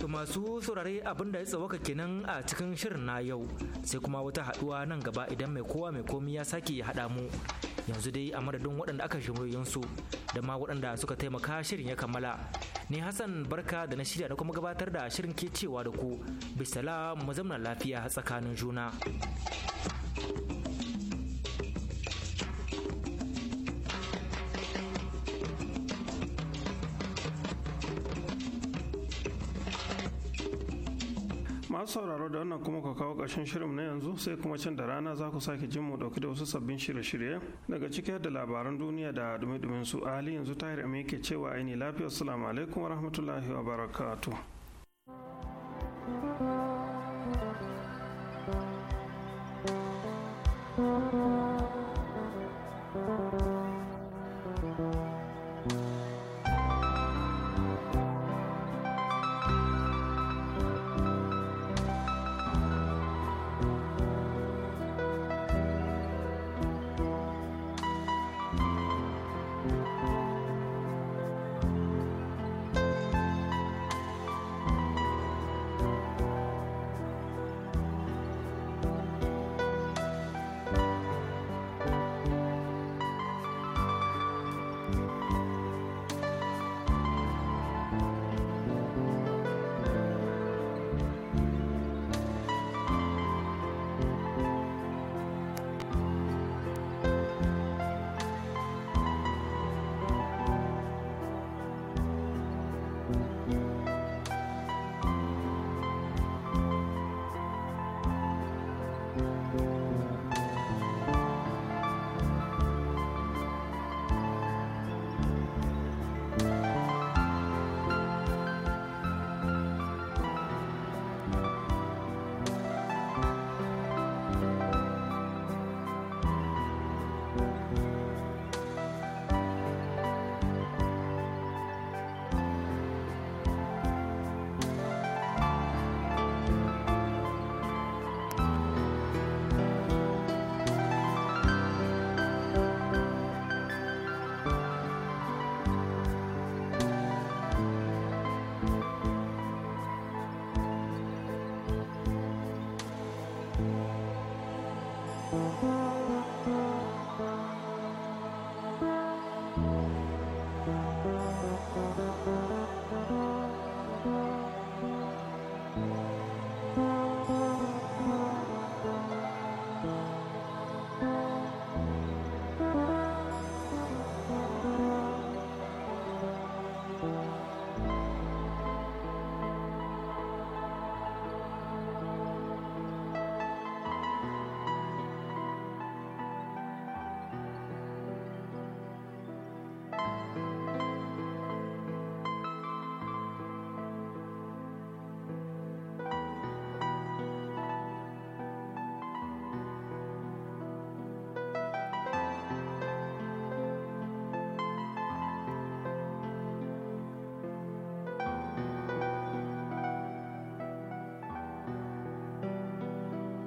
To masu saurare abin da ya tsawaka kenan a cikin shirin na yau sai kuma wata haduwa nan gaba idan mai kowa mai komi ya sake ya haɗa mu yanzu dai a madadin waɗanda aka su da ma waɗanda suka taimaka shirin ya kammala ni hassan barka da na shirya da kuma gabatar da shirin ke cewa da ku bisala mu zamna lafiya tsakanin juna masu sauraro da wannan kuma ka kawo ƙarshen shirin na yanzu sai kuma can da rana za ku sake jin mu dauki da wasu sabbin shirye-shirye daga cikin da labaran duniya da dumi-dumin su hali yanzu tahir amma yake cewa aini lafiya assalamu alaikum wa rahmatullahi wa barakatuh thank you